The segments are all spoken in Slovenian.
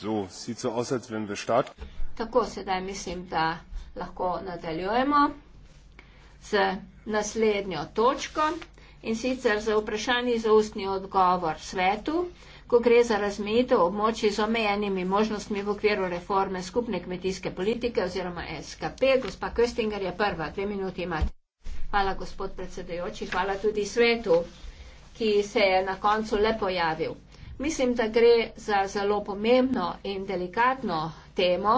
So, sieht so aus, als wenn wir starten. Tako, sedaj mislim, da lahko nadaljujemo z naslednjo točko in sicer za vprašanje za ustni odgovor svetu, ko gre za razmejitev območji z omejenimi možnostmi v okviru reforme skupne kmetijske politike oziroma SKP. Gospa Köstinger je prva, dve minuti imate. Hvala, gospod predsedujoči, hvala tudi svetu, ki se je na koncu le pojavil. Mislim, da gre za zelo pomembno in delikatno temo,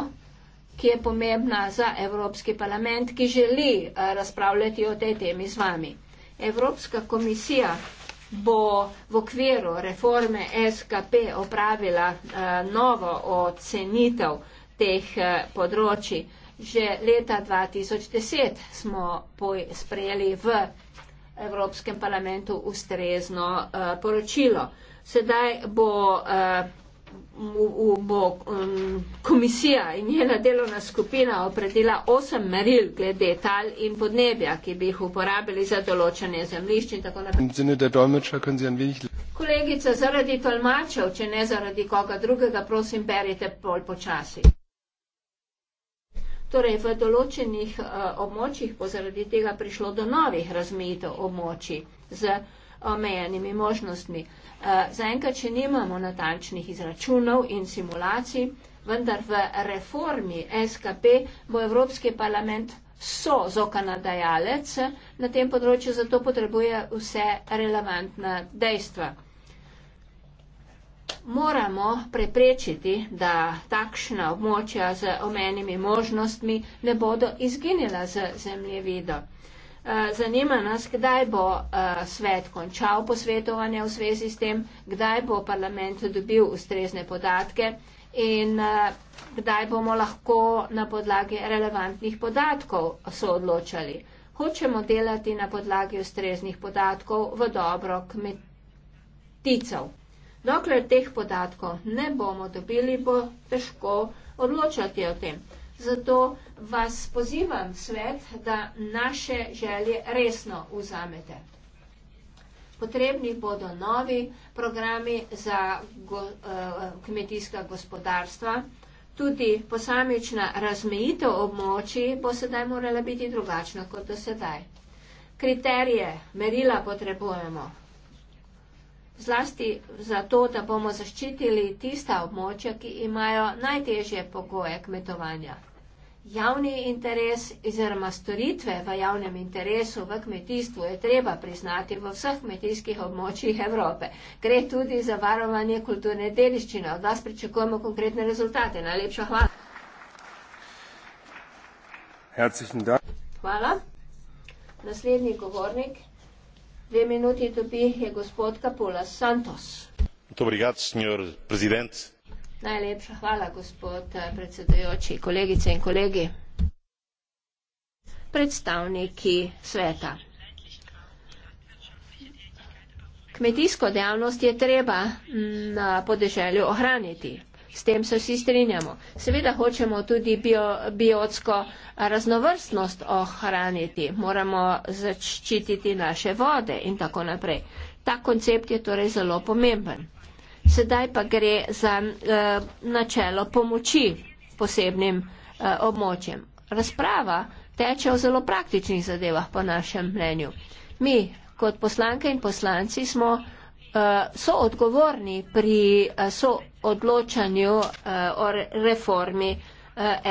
ki je pomembna za Evropski parlament, ki želi eh, razpravljati o tej temi z vami. Evropska komisija bo v okviru reforme SKP opravila eh, novo ocenitev teh eh, področji. Že leta 2010 smo sprejeli v Evropskem parlamentu ustrezno poročilo sedaj bo, uh, v, v, bo um, komisija in njena delovna skupina opredela osem meril glede tal in podnebja, ki bi jih uporabili za določanje zemlišč in tako naprej. Kolegica, zaradi tolmačev, če ne zaradi koga drugega, prosim, berite bolj počasi. Torej, v določenih uh, območjih bo zaradi tega prišlo do novih razmejitev območij. Z, uh, omejenimi možnostmi. Eh, zaenkrat še nimamo natančnih izračunov in simulacij, vendar v reformi SKP bo Evropski parlament so zokanadajalec na tem področju, zato potrebuje vse relevantna dejstva. Moramo preprečiti, da takšna območja z omenimi možnostmi ne bodo izginila z zemljevido. Eh, zanima nas, kdaj bo eh, svet končal posvetovanje v svezi s tem, kdaj bo parlament dobil ustrezne podatke in eh, kdaj bomo lahko na podlagi relevantnih podatkov se odločali. Hočemo delati na podlagi ustreznih podatkov v dobro kmeticev. Dokler teh podatkov ne bomo dobili, bo težko odločati o tem. Zato vas pozivam svet, da naše želje resno vzamete. Potrebni bodo novi programi za go, uh, kmetijska gospodarstva. Tudi posamična razmejitev območij bo sedaj morala biti drugačna kot do sedaj. Kriterije, merila potrebujemo. Zlasti zato, da bomo zaščitili tista območja, ki imajo najtežje pogoje kmetovanja javni interes oziroma storitve v javnem interesu v kmetijstvu je treba priznati v vseh kmetijskih območjih Evrope. Gre tudi za varovanje kulturne dediščine. Od vas pričakujemo konkretne rezultate. Najlepša hvala. Hvala. Naslednji govornik. Dve minuti dobi je gospod Kapula Santos. Dobrigat, senjor prezident. Najlepša hvala, gospod eh, predsedujoči, kolegice in kolegi. Predstavniki sveta. Kmetijsko dejavnost je treba mm, na podeželju ohraniti. S tem se vsi strinjamo. Seveda hočemo tudi bio, biotsko raznovrstnost ohraniti. Moramo zaščititi naše vode in tako naprej. Ta koncept je torej zelo pomemben sedaj pa gre za eh, načelo pomoči posebnim eh, območjem. Razprava teče o zelo praktičnih zadevah, po našem mnenju. Mi, kot poslanke in poslanci, smo eh, so odgovorni pri so odločanju o reformi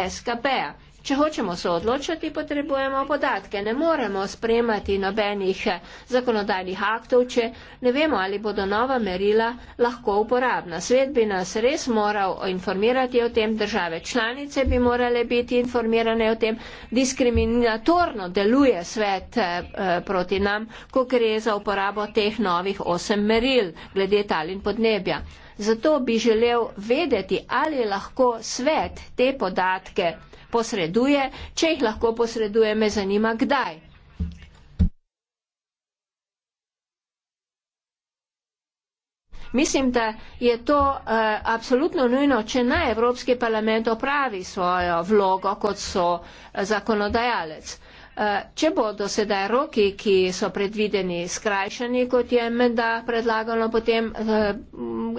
SKP-a. Če hočemo se odločati, potrebujemo podatke. Ne moremo spremati nobenih zakonodajnih aktov, če ne vemo, ali bodo nova merila lahko uporabna. Svet bi nas res moral informirati o tem, države članice bi morale biti informirane o tem. Diskriminatorno deluje svet eh, proti nam, ko gre za uporabo teh novih osem meril glede tal in podnebja. Zato bi želel vedeti, ali lahko svet te podatke posreduje. Če jih lahko posreduje, me zanima kdaj. Mislim, da je to uh, absolutno nujno, če naj Evropski parlament opravi svojo vlogo kot so uh, zakonodajalec. Uh, Eh, če bodo sedaj roki, ki so predvideni, skrajšani, kot je menda predlagano, potem eh,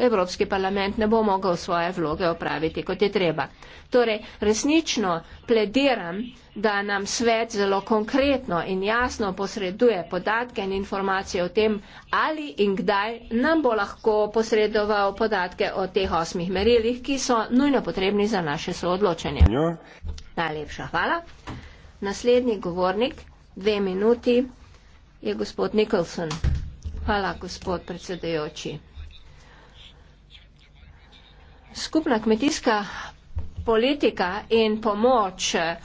Evropski parlament ne bo mogel svoje vloge opraviti, kot je treba. Torej, resnično plediram, da nam svet zelo konkretno in jasno posreduje podatke in informacije o tem, ali in kdaj nam bo lahko posredoval podatke o teh osmih merilih, ki so nujno potrebni za naše soodločanje. Najlepša hvala. Naslednji govornik, dve minuti, je gospod Nicholson. Hvala, gospod predsedujoči. Skupna kmetijska politika in pomoč eh,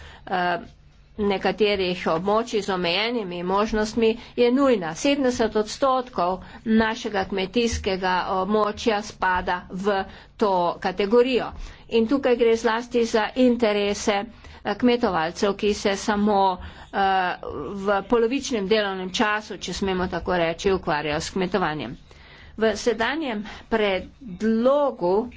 nekaterih območij z omejenimi možnostmi je nujna. 70 odstotkov našega kmetijskega območja spada v to kategorijo. In tukaj gre zlasti za interese kmetovalcev, ki se samo eh, v polovičnem delovnem času, če smemo tako reči, ukvarjajo s kmetovanjem. V sedanjem predlogu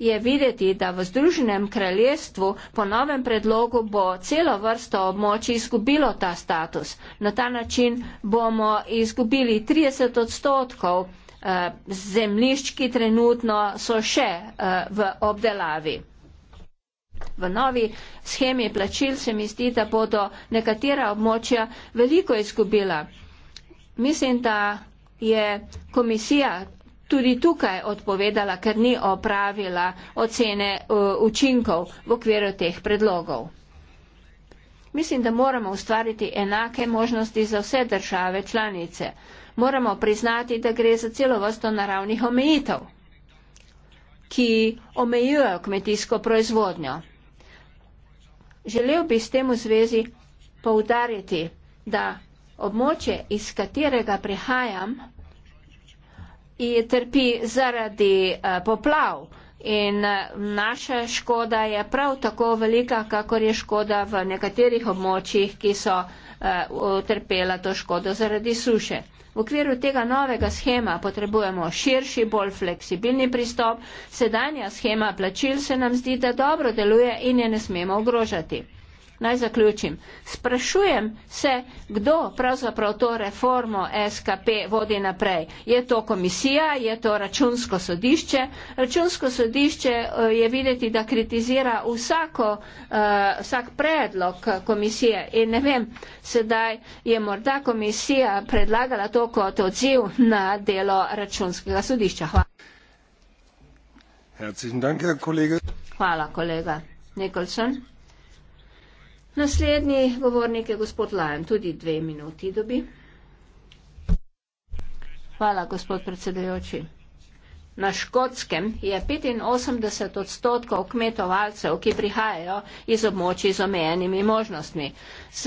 je videti, da v Združenem kraljestvu po novem predlogu bo celo vrsto območij izgubilo ta status. Na ta način bomo izgubili 30 odstotkov eh, zemlišč, ki trenutno so še eh, v obdelavi. V novi schemi plačil se mi zdi, da bodo nekatera območja veliko izgubila. Mislim, da je komisija tudi tukaj odpovedala, ker ni opravila ocene eh, učinkov v okviru teh predlogov. Mislim, da moramo ustvariti enake možnosti za vse države članice. Moramo priznati, da gre za celo vrsto naravnih omejitev, ki omejujejo kmetijsko proizvodnjo. Želel bi s tem v zvezi poudariti, da območje, iz katerega prihajam, je trpi zaradi eh, poplav in eh, naša škoda je prav tako velika, kakor je škoda v nekaterih območjih, ki so eh, trpela to škodo zaradi suše. V okviru tega novega schema potrebujemo širši, bolj fleksibilni pristop. Sedanja schema plačil se nam zdi, da dobro deluje in je ne smemo ogrožati naj zaključim. Sprašujem se, kdo pravzaprav to reformo SKP vodi naprej. Je to komisija, je to računsko sodišče. Računsko sodišče eh, je videti, da kritizira vsako, eh, vsak predlog komisije. In ne vem, sedaj je morda komisija predlagala to kot odziv na delo računskega sodišča. Hvala. Hvala, kolega Nikolson. Naslednji govornik je gospod Lajen, tudi dve minuti dobi. Hvala, gospod predsedujoči. Na Škotskem je 85 odstotkov kmetovalcev, ki prihajajo iz območij z omejenimi možnostmi. S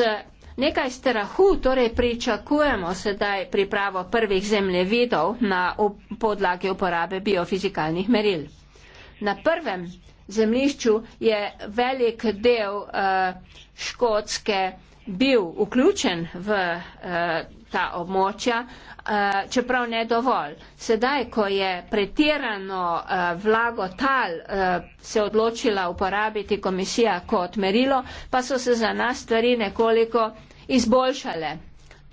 nekaj strahu torej pričakujemo sedaj pripravo prvih zemljevidov na podlagi uporabe biofizikalnih meril. Na prvem zemljišču je velik del uh, Škotske bil vključen v uh, ta območja, uh, čeprav ne dovolj. Sedaj, ko je pretirano uh, vlago tal uh, se odločila uporabiti komisija kot merilo, pa so se za nas stvari nekoliko izboljšale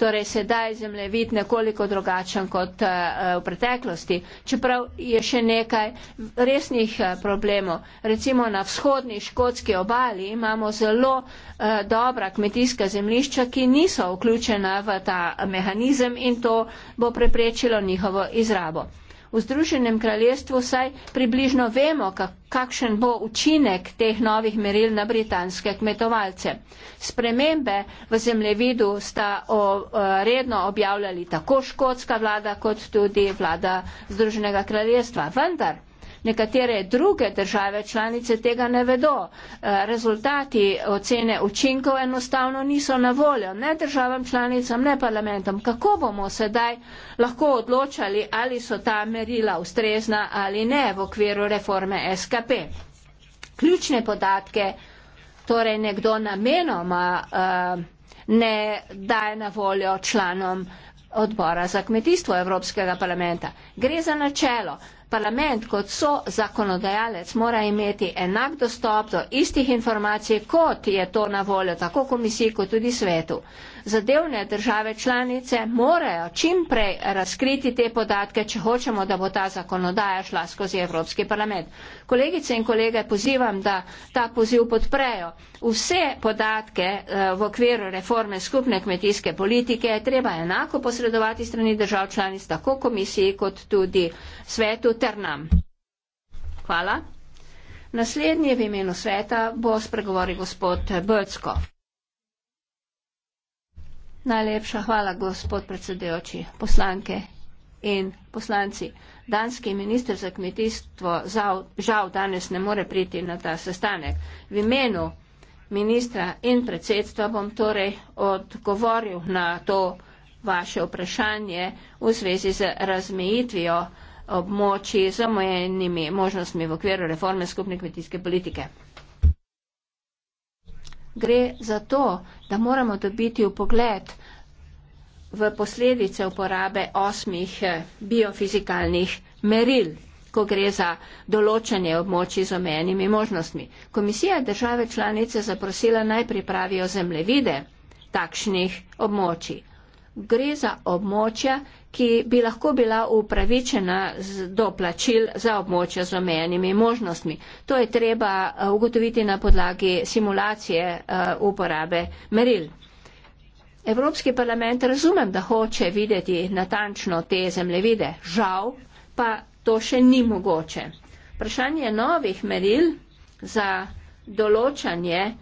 torej sedaj zemljevid nekoliko drugačen kot eh, v preteklosti. Čeprav je še nekaj resnih eh, problemov. Recimo na vzhodni škotski obali imamo zelo eh, dobra kmetijska zemljišča, ki niso vključena v ta mehanizem in to bo preprečilo njihovo izrabo v Združenem kraljestvu vsaj približno vemo, kakšen bo učinek teh novih meril na britanske kmetovalce. Spremembe v zemljevidu sta o, o, eh, redno objavljali tako škotska vlada kot tudi vlada Združenega kraljestva. Vendar nekatere druge države članice tega ne vedo. Eh, rezultati ocene učinkov enostavno niso na voljo ne državam članicam, ne parlamentom. Kako bomo sedaj lahko odločali, ali so ta merila ustrezna ali ne v okviru reforme SKP? Ključne podatke, torej nekdo namenoma eh, ne daje na voljo članom odbora za kmetijstvo Evropskega parlamenta. Gre za načelo parlament kot so zakonodajalec mora imeti enak dostop do istih informacij, kot je to na voljo tako komisiji kot tudi svetu zadevne države članice morajo čim prej razkriti te podatke, če hočemo, da bo ta zakonodaja šla skozi Evropski parlament. Kolegice in kolege, pozivam, da ta poziv podprejo. Vse podatke eh, v okviru reforme skupne kmetijske politike treba enako posredovati strani držav članic, tako komisiji kot tudi svetu ter nam. Hvala. Naslednji v imenu sveta bo spregovoril gospod Böcko. Najlepša hvala, gospod predsedujoči, poslanke in poslanci. Danski minister za kmetijstvo žal danes ne more priti na ta sestanek. V imenu ministra in predsedstva bom torej odgovoril na to vaše vprašanje v zvezi z razmejitvijo območji z omejenimi možnostmi v okviru reforme skupne kmetijske politike gre za to, da moramo dobiti v pogled v posledice uporabe osmih eh, biofizikalnih meril, ko gre za določanje območij z omenjenimi možnostmi. Komisija države članice zaprosila naj pripravijo zemljevide takšnih območij. Gre za območja, ki bi lahko bila upravičena do plačil za območja z omejenimi možnostmi. To je treba eh, ugotoviti na podlagi simulacije eh, uporabe meril. Evropski parlament razumem, da hoče videti natančno te zemljevide, žal pa to še ni mogoče. Vprašanje novih meril za določanje uh,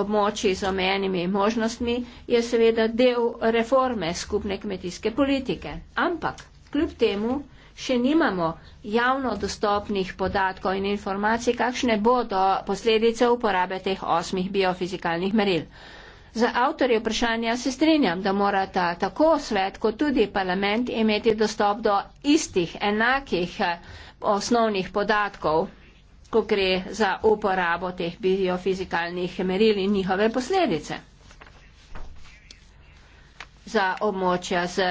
območji z omenjenimi možnostmi je seveda del reforme skupne kmetijske politike. Ampak kljub temu še nimamo javno dostopnih podatkov in informacij, kakšne bodo posledice uporabe teh osmih biofizikalnih meril. Za avtorje vprašanja se strinjam, da morata tako svet kot tudi parlament imeti dostop do istih, enakih osnovnih podatkov ko gre za uporabo teh biofizikalnih meril in njihove posledice. Za območja z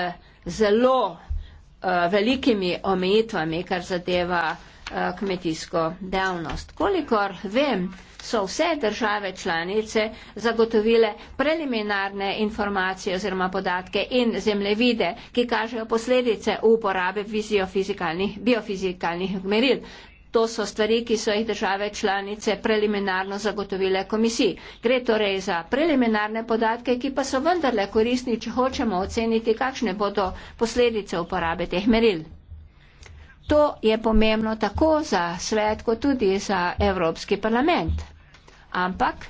zelo uh, velikimi omejitvami, kar zadeva uh, kmetijsko dejavnost. Kolikor vem, so vse države članice zagotovile preliminarne informacije oziroma podatke in zemljevide, ki kažejo posledice uporabe biofizikalnih meril. To so stvari, ki so jih države članice preliminarno zagotovile komisiji. Gre torej za preliminarne podatke, ki pa so vendarle koristni, če hočemo oceniti, kakšne bodo posledice uporabe teh meril. To je pomembno tako za svet, kot tudi za Evropski parlament. Ampak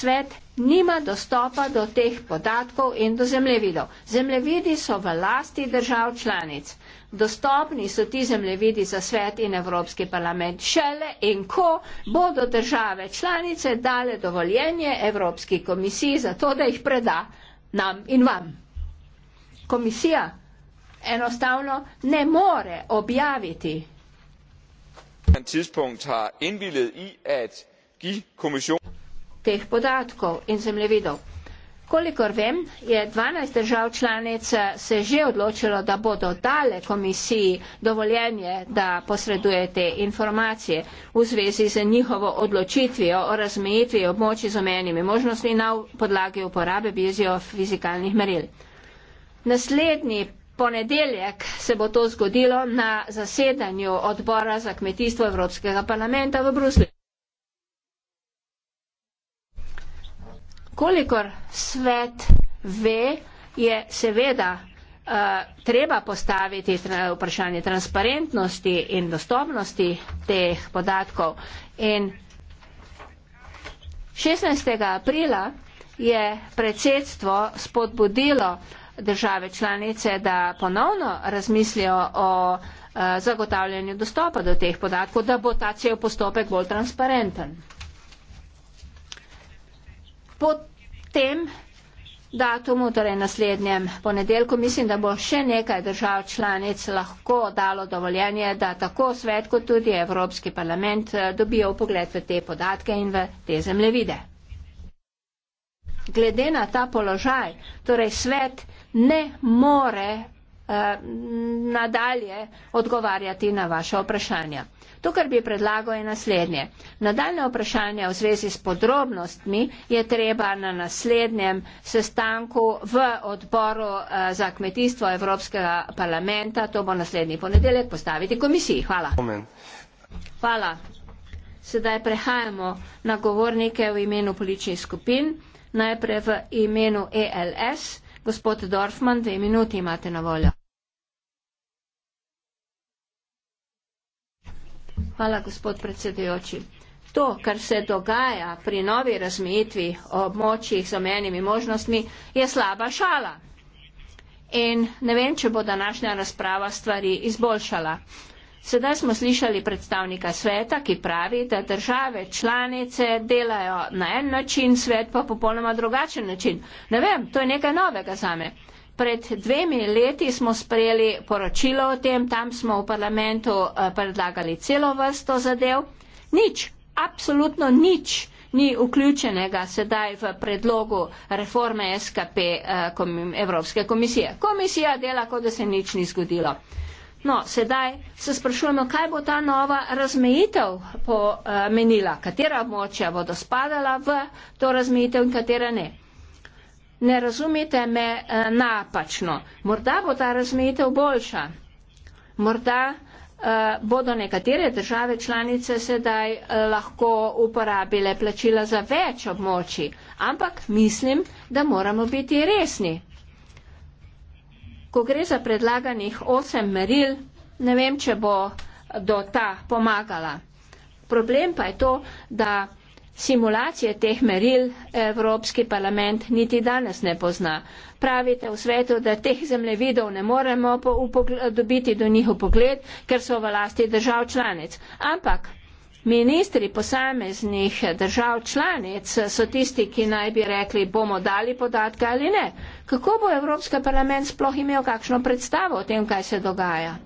svet nima dostopa do teh podatkov in do zemljevidov. Zemljevidi so v lasti držav članic. Dostopni so ti zemljevidi za svet in Evropski parlament. Šele in ko bodo države članice dale dovoljenje Evropski komisiji za to, da jih preda nam in vam. Komisija enostavno ne more objaviti. Teh podatkov in zemljevidov. Kolikor vem, je 12 držav članic eh, se že odločilo, da bodo dale komisiji dovoljenje, da posreduje te informacije v zvezi z njihovo odločitvijo o razmejitvi območij z omenjenimi možnostmi na podlagi uporabe biofizikalnih meril. Naslednji ponedeljek se bo to zgodilo na zasedanju odbora za kmetijstvo Evropskega parlamenta v Bruslju. kolikor svet ve, je seveda uh, treba postaviti vprašanje transparentnosti in dostopnosti teh podatkov. In 16. aprila je predsedstvo spodbudilo države članice, da ponovno razmislijo o uh, zagotavljanju dostopa do teh podatkov, da bo ta cel postopek bolj transparenten. Potem datumu, torej naslednjem ponedeljku, mislim, da bo še nekaj držav članic lahko dalo dovoljenje, da tako svet kot tudi Evropski parlament eh, dobijo pogled v te podatke in v te zemljevide. Glede na ta položaj, torej svet ne more uh, nadalje odgovarjati na vaše vprašanje. To, kar bi predlagal, je naslednje. Nadaljne vprašanja v zvezi s podrobnostmi je treba na naslednjem sestanku v odboru eh, za kmetijstvo Evropskega parlamenta, to bo naslednji ponedeljek, postaviti komisiji. Hvala. Hvala. Sedaj prehajamo na govornike v imenu političnih skupin. Najprej v imenu ELS. Gospod Dorfman, dve minuti imate na voljo. Hvala, gospod predsedujoči. To, kar se dogaja pri novi razmejitvi območjih z omenjenimi možnostmi, je slaba šala. In ne vem, če bo današnja razprava stvari izboljšala. Sedaj smo slišali predstavnika sveta, ki pravi, da države članice delajo na en način, svet pa popolnoma drugačen način. Ne vem, to je nekaj novega za me. Pred dvemi leti smo sprejeli poročilo o tem, tam smo v parlamentu eh, predlagali celo vrsto zadev. Nič, absolutno nič ni vključenega sedaj v predlogu reforme SKP eh, Evropske komisije. Komisija dela, kot da se nič ni zgodilo. No, sedaj se sprašujemo, kaj bo ta nova razmejitev pomenila, katera območja bodo spadala v to razmejitev in katera ne ne razumete me eh, napačno. Morda bo ta razmejitev boljša. Morda eh, bodo nekatere države članice sedaj eh, lahko uporabile plačila za več območij, ampak mislim, da moramo biti resni. Ko gre za predlaganih osem meril, ne vem, če bo do ta pomagala. Problem pa je to, da Simulacije teh meril Evropski parlament niti danes ne pozna. Pravite v svetu, da teh zemljevidov ne moremo dobiti do njihov pogled, ker so v lasti držav članic. Ampak ministri posameznih držav članic so tisti, ki naj bi rekli, bomo dali podatke ali ne. Kako bo Evropski parlament sploh imel kakšno predstavo o tem, kaj se dogaja?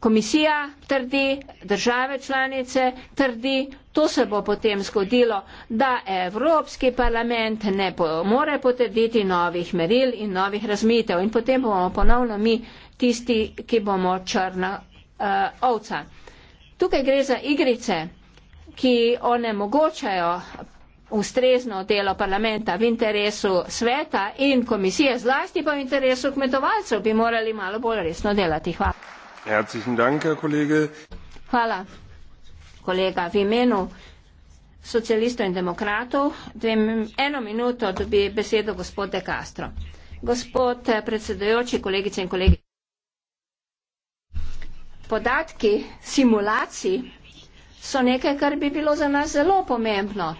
komisija trdi, države članice trdi, to se bo potem zgodilo, da Evropski parlament ne po, more potrditi novih meril in novih razmitev in potem bomo ponovno mi tisti, ki bomo črna uh, ovca. Tukaj gre za igrice, ki onemogočajo ustrezno delo parlamenta v interesu sveta in komisije, zlasti pa v interesu kmetovalcev, bi morali malo bolj resno delati. Hvala. Hvala. Kolega, v imenu socialistov in demokratov, dvem, eno minuto dobi besedo gospod De Castro. Gospod eh, predsedujoči, kolegice in kolegi. Podatki simulacij so nekaj, kar bi bilo za nas zelo pomembno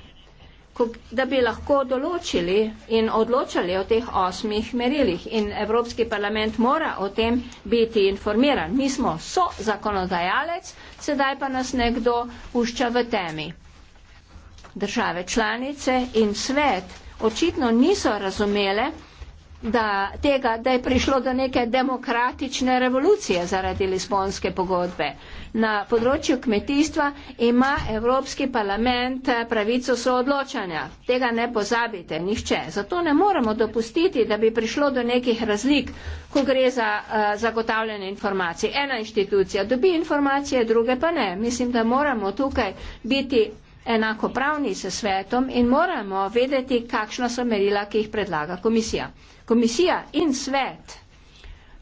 da bi lahko določili in odločali o teh osmih merilih. In Evropski parlament mora o tem biti informiran. Mi smo so zakonodajalec, sedaj pa nas nekdo pušča v temi. Države članice in svet očitno niso razumele, da, tega, da je prišlo do neke demokratične revolucije zaradi Lisbonske pogodbe. Na področju kmetijstva ima Evropski parlament eh, pravico soodločanja. Tega ne pozabite, nihče. Zato ne moremo dopustiti, da bi prišlo do nekih razlik, ko gre za uh, zagotavljanje informacij. Ena inštitucija dobi informacije, druge pa ne. Mislim, da moramo tukaj biti enakopravni s svetom in moramo vedeti, kakšna so merila, ki jih predlaga komisija komisija in svet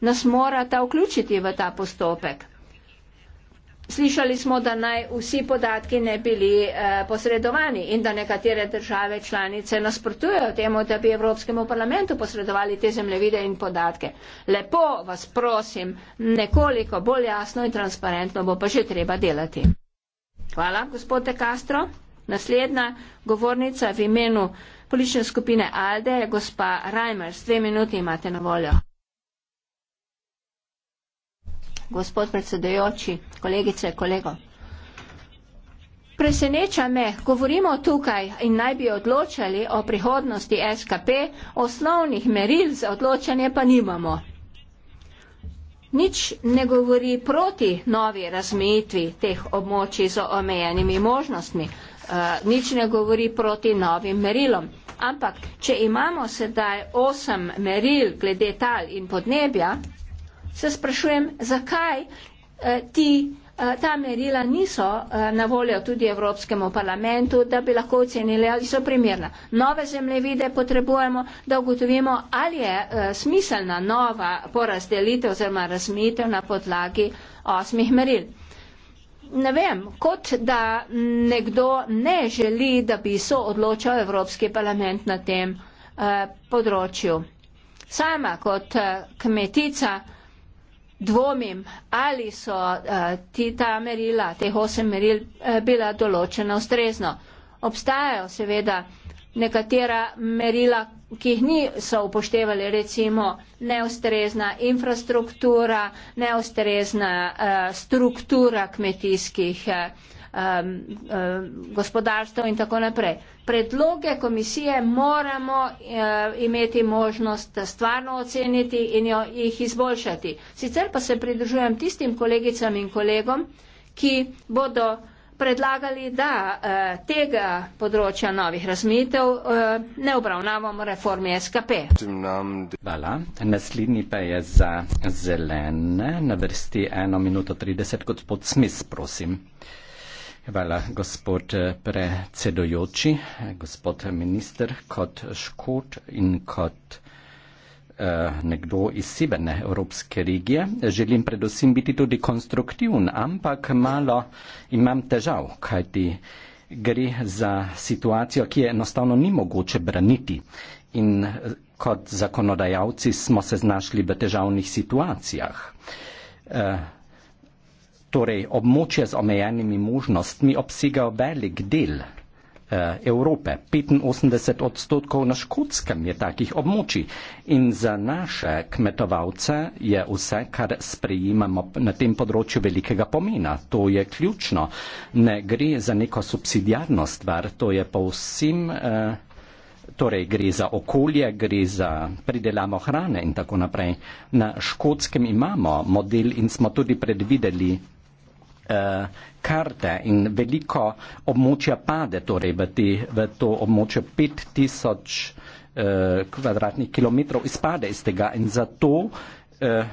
nas morata vključiti v ta postopek. Slišali smo, da naj vsi podatki ne bili eh, posredovani in da nekatere države članice nasprotujejo temu, da bi Evropskemu parlamentu posredovali te zemljevide in podatke. Lepo vas prosim, nekoliko bolj jasno in transparentno bo pa že treba delati. Hvala, gospod De Castro. Naslednja govornica v imenu politične skupine ALDE, gospa Reimers, dve minuti imate na voljo. Gospod predsedujoči, kolegice, kolego. Preseneča me, govorimo tukaj in naj bi odločali o prihodnosti SKP, osnovnih meril za odločanje pa nimamo. Nič ne govori proti novi razmejitvi teh območij z omejenimi možnostmi. Eh, nič ne govori proti novim merilom. Ampak, če imamo sedaj osem meril glede tal in podnebja, se sprašujem, zakaj uh, ti, uh, ta merila niso uh, na voljo tudi Evropskemu parlamentu, da bi lahko ocenili, ali so primerna. Nove zemljevide potrebujemo, da ugotovimo, ali je uh, smiselna nova porazdelitev oziroma razmitev na podlagi osmih meril ne vem, kot da nekdo ne želi, da bi so odločal Evropski parlament na tem eh, področju. Sama kot eh, kmetica dvomim, ali so eh, ti ta merila, teh osem meril, bila določena ustrezno. Obstajajo seveda nekatera merila, ki jih niso upoštevali, recimo neustrezna infrastruktura, neustrezna uh, struktura kmetijskih uh, eh, um, uh, eh, gospodarstv in tako naprej. Predloge komisije moramo uh, imeti možnost stvarno oceniti in jo, jih izboljšati. Sicer pa se pridružujem tistim kolegicam in kolegom, ki bodo uh, predlagali, da eh, tega področja novih razmitev eh, ne obravnavamo reformi SKP. Hvala. Naslednji pa je za zelene. Na vrsti 1 minuto 30 kot pod smis, prosim. Hvala, gospod predsedojoči, gospod minister, kot škot in kot. Eh, nekdo iz severne Evropske regije. Želim predvsem biti tudi konstruktivn, ampak malo imam težav, kajti gre za situacijo, ki je enostavno ni mogoče braniti. In eh, kot zakonodajalci smo se znašli v težavnih situacijah. E, torej, območje z omejenimi možnostmi obsega velik del Eh, Evrope. 85 odstotkov na škotskem je takih območij in za naše kmetovalce je vse, kar sprejemamo na tem področju velikega pomena. To je ključno. Ne gre za neko subsidijarno stvar, to je povsem. Eh, torej gre za okolje, gre za pridelamo hrane in tako naprej. Na škotskem imamo model in smo tudi predvideli uh, karte in veliko območja pade torej v, ti, v to območje 5000 uh, eh, kvadratnih kilometrov izpade iz tega in zato uh,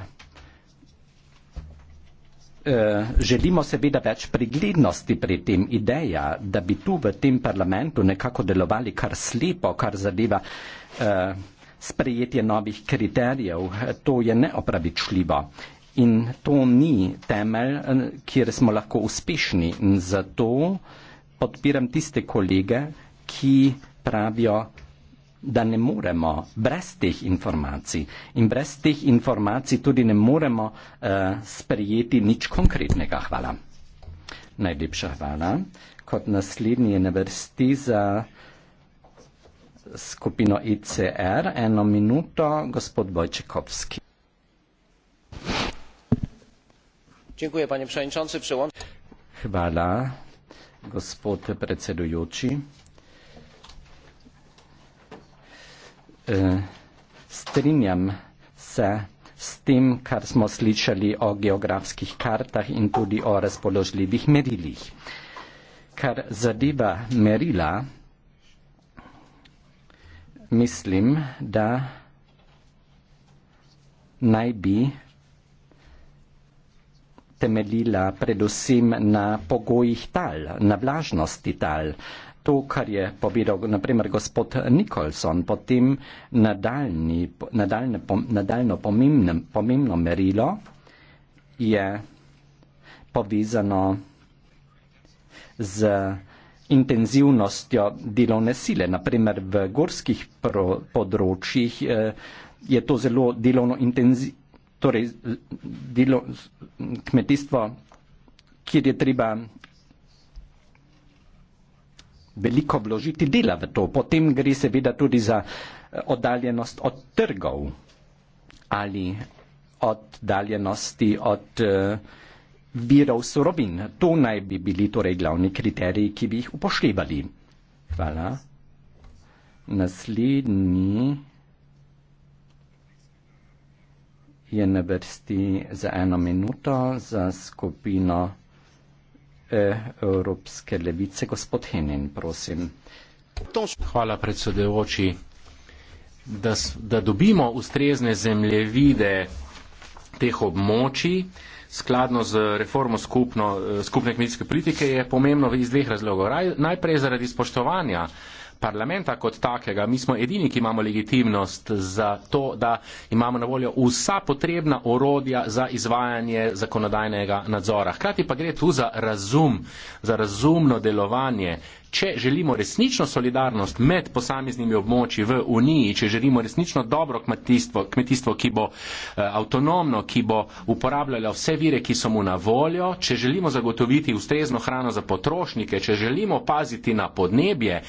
Želimo seveda več preglednosti pri tem. Ideja, da bi tu v tem parlamentu nekako delovali kar slepo, kar zadeva eh, sprejetje novih kriterijev, to je neopravičljivo. In to ni temelj, kjer smo lahko uspešni. In zato podpiram tiste kolege, ki pravijo, da ne moremo brez teh informacij in brez teh informacij tudi ne moremo uh, sprejeti nič konkretnega. Hvala. Najlepša hvala. Kot naslednji je na vrsti za skupino ICR e eno minuto gospod Bojčekovski. panie przewodniczący! E, strinjam se s tim kar smo slišali o geografskih kartah in tudi o razpoložljivih merilih kar zadeva merila mislim da naj bi temeljila predvsem na pogojih tal, na vlažnosti tal. To, kar je povedal naprimer gospod Nikolson, potem nadaljni, nadaljne, nadaljno pomembne, pomembno merilo je povezano z intenzivnostjo delovne sile. Naprimer v gorskih področjih eh, je to zelo delovno intenzivno torej delo, kmetijstvo, kjer je treba veliko vložiti dela v to. Potem gre seveda tudi za eh, oddaljenost od trgov ali oddaljenosti od uh, virov surovin. To naj bi bili torej glavni kriteriji, ki bi jih upoštevali. Hvala. Naslednji. je na vrsti za eno minuto za skupino eh, Evropske levice. Gospod Henin, prosim. Hvala predsedujoči. Da, da dobimo ustrezne zemljevide teh območij, skladno z reformo skupno, eh, skupne kmetijske politike, je pomembno iz dveh razlogov. Raj, najprej zaradi spoštovanja parlamenta kot takega. Mi smo edini, ki imamo legitimnost za to, da imamo na voljo vsa potrebna orodja za izvajanje zakonodajnega nadzora. Hkrati pa gre tu za razum, za razumno delovanje. Če želimo resnično solidarnost med posameznimi območji v Uniji, če želimo resnično dobro kmetijstvo, kmetijstvo, ki bo eh, avtonomno, ki bo uporabljalo vse vire, ki so mu na voljo, če želimo zagotoviti ustrezno hrano za potrošnike, če želimo paziti na podnebje,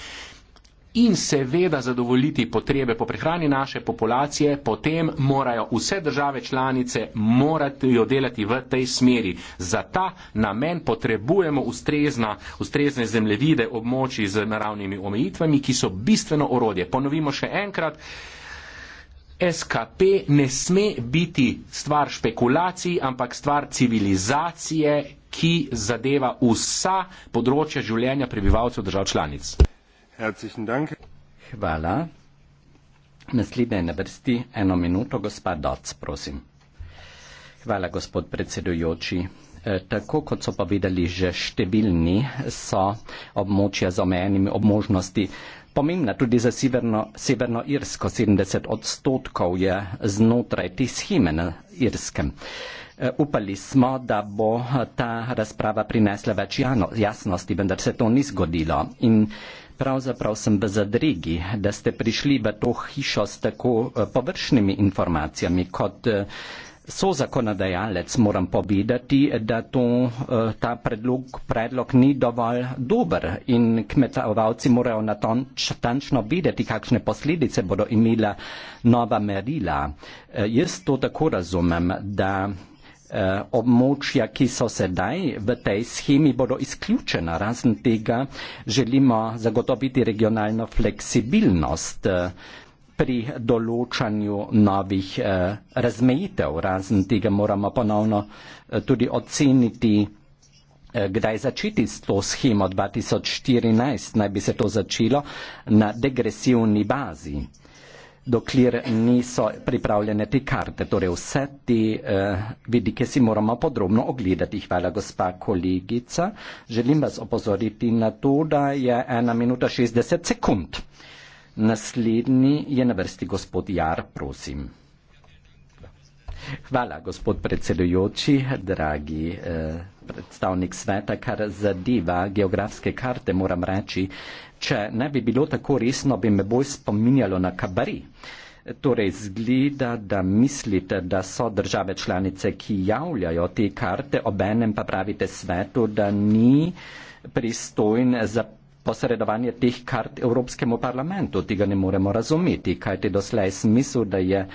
in seveda zadovoljiti potrebe po prehrani naše populacije, potem morajo vse države članice morati delati v tej smeri. Za ta namen potrebujemo ustrezna, ustrezne zemljevide območji z naravnimi omejitvami, ki so bistveno orodje. Ponovimo še enkrat. SKP ne sme biti stvar špekulacij, ampak stvar civilizacije, ki zadeva vsa področja življenja prebivalcev držav članic. Herzlichen Dank. Hvala. Naslednja je na vrsti eno minuto, gospa Doc, prosim. Hvala, gospod predsedujoči. E, tako kot so povedali že številni, so območja z omejenimi obmožnosti pomembna tudi za Severno, Severno Irsko. 70 odstotkov je znotraj te scheme na Irskem. E, upali smo, da bo ta razprava prinesla več jasnosti, vendar se to ni zgodilo. In pravzaprav sem v zadrigi, da ste prišli v to hišo s tako eh, površnimi informacijami kot eh, So zakonodajalec, moram povedati, da to, eh, ta predlog, predlog ni dovolj dober in kmetovalci morajo natančno vedeti, kakšne posledice bodo imela nova merila. Jaz to tako razumem, da Eh, območja, ki so sedaj v tej schemi, bodo izključena. Razen tega želimo zagotoviti regionalno fleksibilnost eh, pri določanju novih eh, razmejitev. Razen tega moramo ponovno tudi oceniti, kdaj začeti s to schemo. 2014 naj bi se to začelo na degresivni bazi dokler niso pripravljene te karte. Torej vse te eh, vidike si moramo podrobno ogledati. Hvala, gospa kolegica. Želim vas opozoriti na to, da je ena minuta 60 sekund. Naslednji je na vrsti gospod Jar, prosim. Hvala, gospod predsedujoči, dragi eh, predstavnik sveta, kar zadeva geografske karte, moram reči, Če ne bi bilo tako resno, bi me bolj spominjalo na kabari. Torej, zgleda, da mislite, da so države članice, ki javljajo te karte, obenem pa pravite svetu, da ni pristojen za posredovanje teh kart Evropskemu parlamentu. Tega ne moremo razumeti, kaj te doslej smisel, da je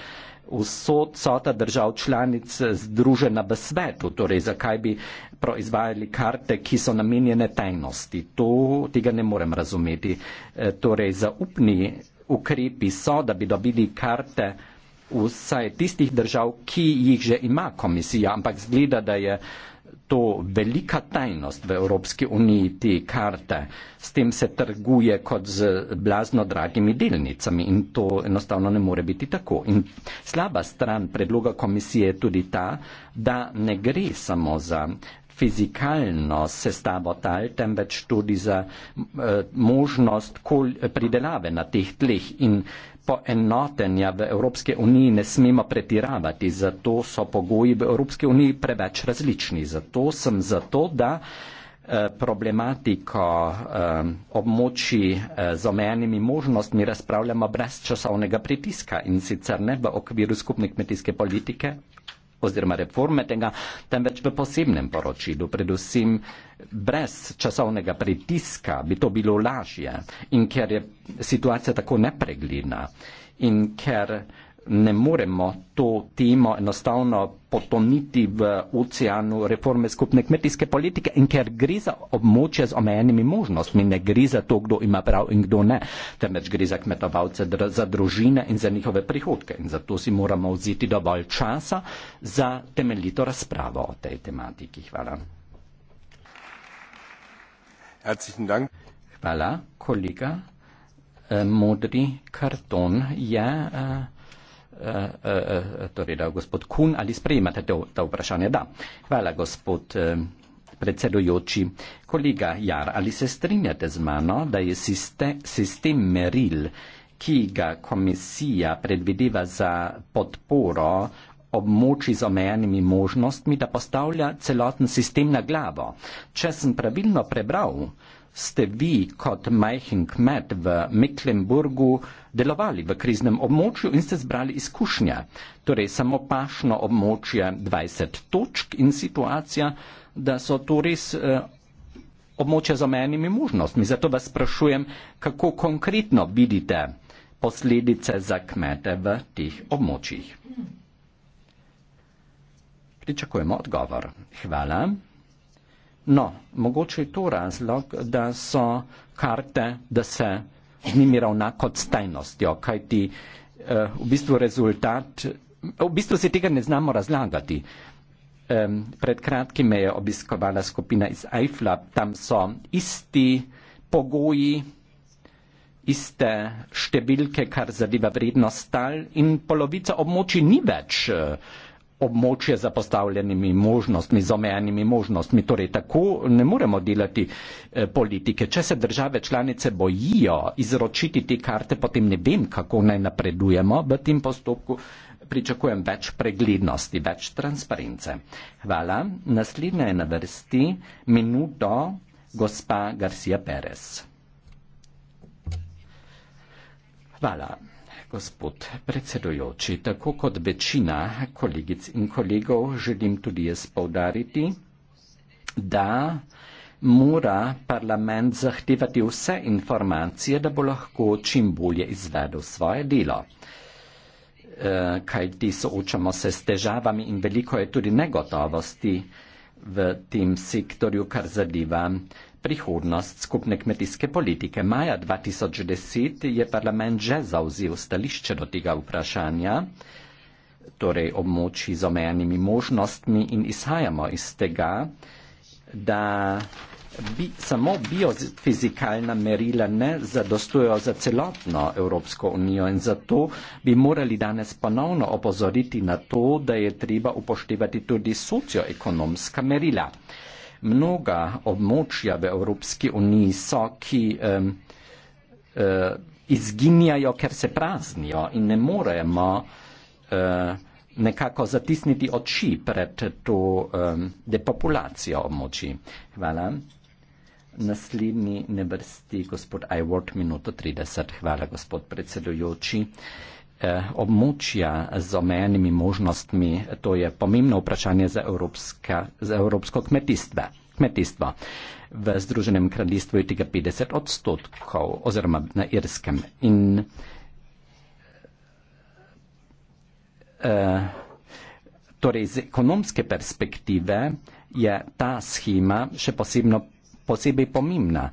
vsota držav članic združena v svetu, torej zakaj bi proizvajali karte, ki so namenjene tajnosti. To, tega ne morem razumeti. E, torej, zaupni ukrepi so, da bi dobili karte vsaj tistih držav, ki jih že ima komisija, ampak zgleda, da je to velika tajnost v Evropski uniji, te karte, s tem se trguje kot z blazno dragimi delnicami in to enostavno ne more biti tako. In slaba stran predloga komisije je tudi ta, da ne gre samo za fizikalno sestavo tal, temveč tudi za eh, možnost kol, pridelave na teh tleh in eh, poenotenja v Evropske uniji ne smemo pretiravati, zato so pogoji v Evropske uniji preveč različni. Zato sem zato, da eh, problematiko eh, območi eh, z omejenimi možnostmi razpravljamo brez časovnega pritiska in sicer ne v okviru skupne kmetijske politike, oziroma reforme tega, temveč v posebnem poročilu, predvsem brez časovnega pritiska bi to bilo lažje in ker je situacija tako nepregledna in ker ne moremo to temo enostavno potoniti v oceanu reforme skupne kmetijske politike in ker gre za območje z omejenimi možnostmi, ne gre za to, kdo ima prav in kdo ne, temveč gre za kmetovalce, za družine in za njihove prihodke. In zato si moramo vzeti dovolj časa za temeljito razpravo o tej tematiki. Hvala. Hvala, kolega. Eh, modri karton je. Uh, Eh, eh, torej, da gospod Kun ali sprejmate to, to vprašanje. Da. Hvala, gospod eh, predsedujoči. Kolega Jar, ali se strinjate z mano, da je sistem meril, ki ga komisija predvideva za podporo območji z omejenimi možnostmi, da postavlja celoten sistem na glavo? Če sem pravilno prebral, ste vi kot majhen kmet v Mecklenburgu delovali v kriznem območju in ste zbrali izkušnje. Torej samo pašno območje 20 točk in situacija, da so to res eh, območja za menimi možnostmi. Zato vas sprašujem, kako konkretno vidite posledice za kmete v teh območjih. Pričakujemo odgovor. Hvala. No, mogoče je to razlog, da so karte, da se z njimi ravna kot stajnostjo, kaj ti eh, v bistvu rezultat, v bistvu se tega ne znamo razlagati. Pred kratkim me je obiskovala skupina iz Eifla, tam so isti pogoji, iste številke, kar zadeva vrednost tal in polovica območij ni več vrednosti eh, območje za postavljenimi možnostmi, z omejenimi možnostmi. Torej, tako ne moremo delati eh, politike. Če se države članice bojijo izročiti te karte, potem ne vem, kako naj napredujemo v tem postopku. Pričakujem več preglednosti, več transparence. Hvala. Naslednja je na vrsti minuto gospa Garcia Perez. Hvala. Gospod predsedujoči, tako kot večina kolegic in kolegov želim tudi jaz povdariti, da mora parlament zahtevati vse informacije, da bo lahko čim bolje izvedel svoje delo. Eh, Kaj ti soočamo se s težavami in veliko je tudi negotovosti v tem sektorju, kar zadeva prihodnost skupne kmetijske politike. Maja 2010 je parlament že zauzel stališče do tega vprašanja, torej območji z omejenimi možnostmi in izhajamo iz tega, da bi, samo biofizikalna merila ne zadostujejo za celotno Evropsko unijo in zato bi morali danes ponovno opozoriti na to, da je treba upoštevati tudi socioekonomska merila mnoga območja v Evropski uniji so, ki um, uh, izginjajo, ker se praznijo in ne moremo uh, nekako zatisniti oči pred to um, depopulacijo območij. Hvala. Naslednji nevrsti gospod Ajward, minuto 30. Hvala, gospod predsedujoči. Uh, Eh, območja z omejenimi možnostmi, to je pomembno vprašanje za, evropska, za evropsko kmetijstvo. kmetijstvo. V Združenem kraljestvu je tega 50 odstotkov oziroma na Irskem. In, eh, torej z ekonomske perspektive je ta schema še posebno, posebej pomembna.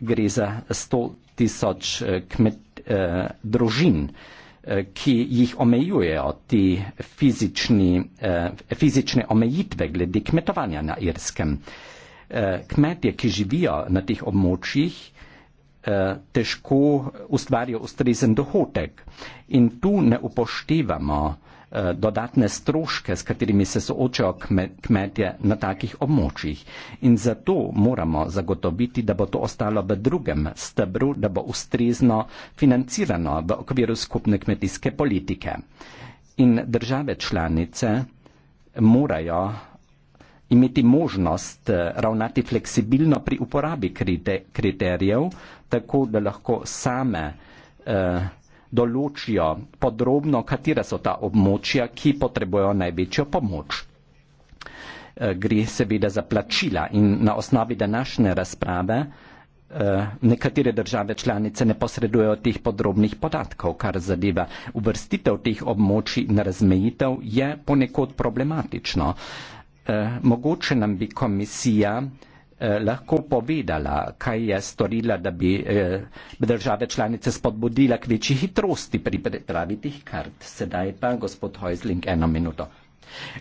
Gre za 100 tisoč eh, eh družin. Eh, Eh, ki jih omejujejo ti fizični, eh, fizične omejitve glede kmetovanja na Irskem. Eh, kmetje, ki živijo na teh območjih, težko ustvarijo ustrezen dohodek in tu ne upoštevamo Eh, dodatne stroške, s katerimi se soočajo kmetje na takih območjih. In zato moramo zagotoviti, da bo to ostalo v drugem stebru, da bo ustrezno financirano v okviru skupne kmetijske politike. In države članice morajo imeti možnost eh, ravnati fleksibilno pri uporabi kriterijev, tako da lahko same eh, določijo podrobno, katera so ta območja, ki potrebujejo največjo pomoč. Eh, gre seveda za plačila in na osnovi današnje razprave eh, nekatere države članice ne posredujejo teh podrobnih podatkov, kar zadeva uvrstitev teh območij na razmejitev je ponekod problematično. Eh, mogoče nam bi komisija Eh, lahko povedala, kaj je storila, da bi eh, države članice spodbudila k večji hitrosti pri pripravi teh kart. Sedaj pa gospod Hojzling eno minuto.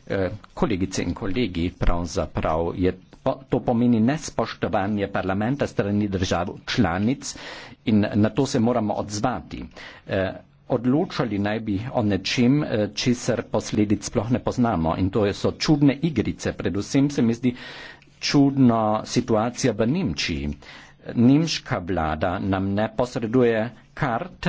Eh, kolegice in kolegi, pravzaprav je po, to pomeni nespoštovanje parlamenta strani držav članic in na to se moramo odzvati. Eh, Odločali naj bi o nečem, eh, česar posledic sploh ne poznamo in to so čudne igrice. Predvsem se mi zdi, čudna situacija v Nemčiji. Nemška vlada nam ne posreduje kart,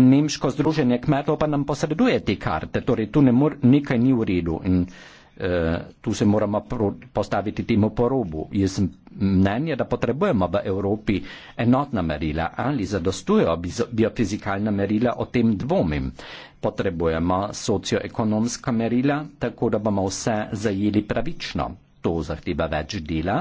Nemško združenje kmetov pa nam posreduje te karte, torej tu ne mor, nekaj ni v redu in eh, tu se moramo pro, postaviti temu porobu. Jaz mnenje, da potrebujemo v Evropi enotna merila ali zadostujo biofizikalna merila, o tem dvomim. Potrebujemo socioekonomska merila, tako da bomo vse zajeli pravično to zahteva več dela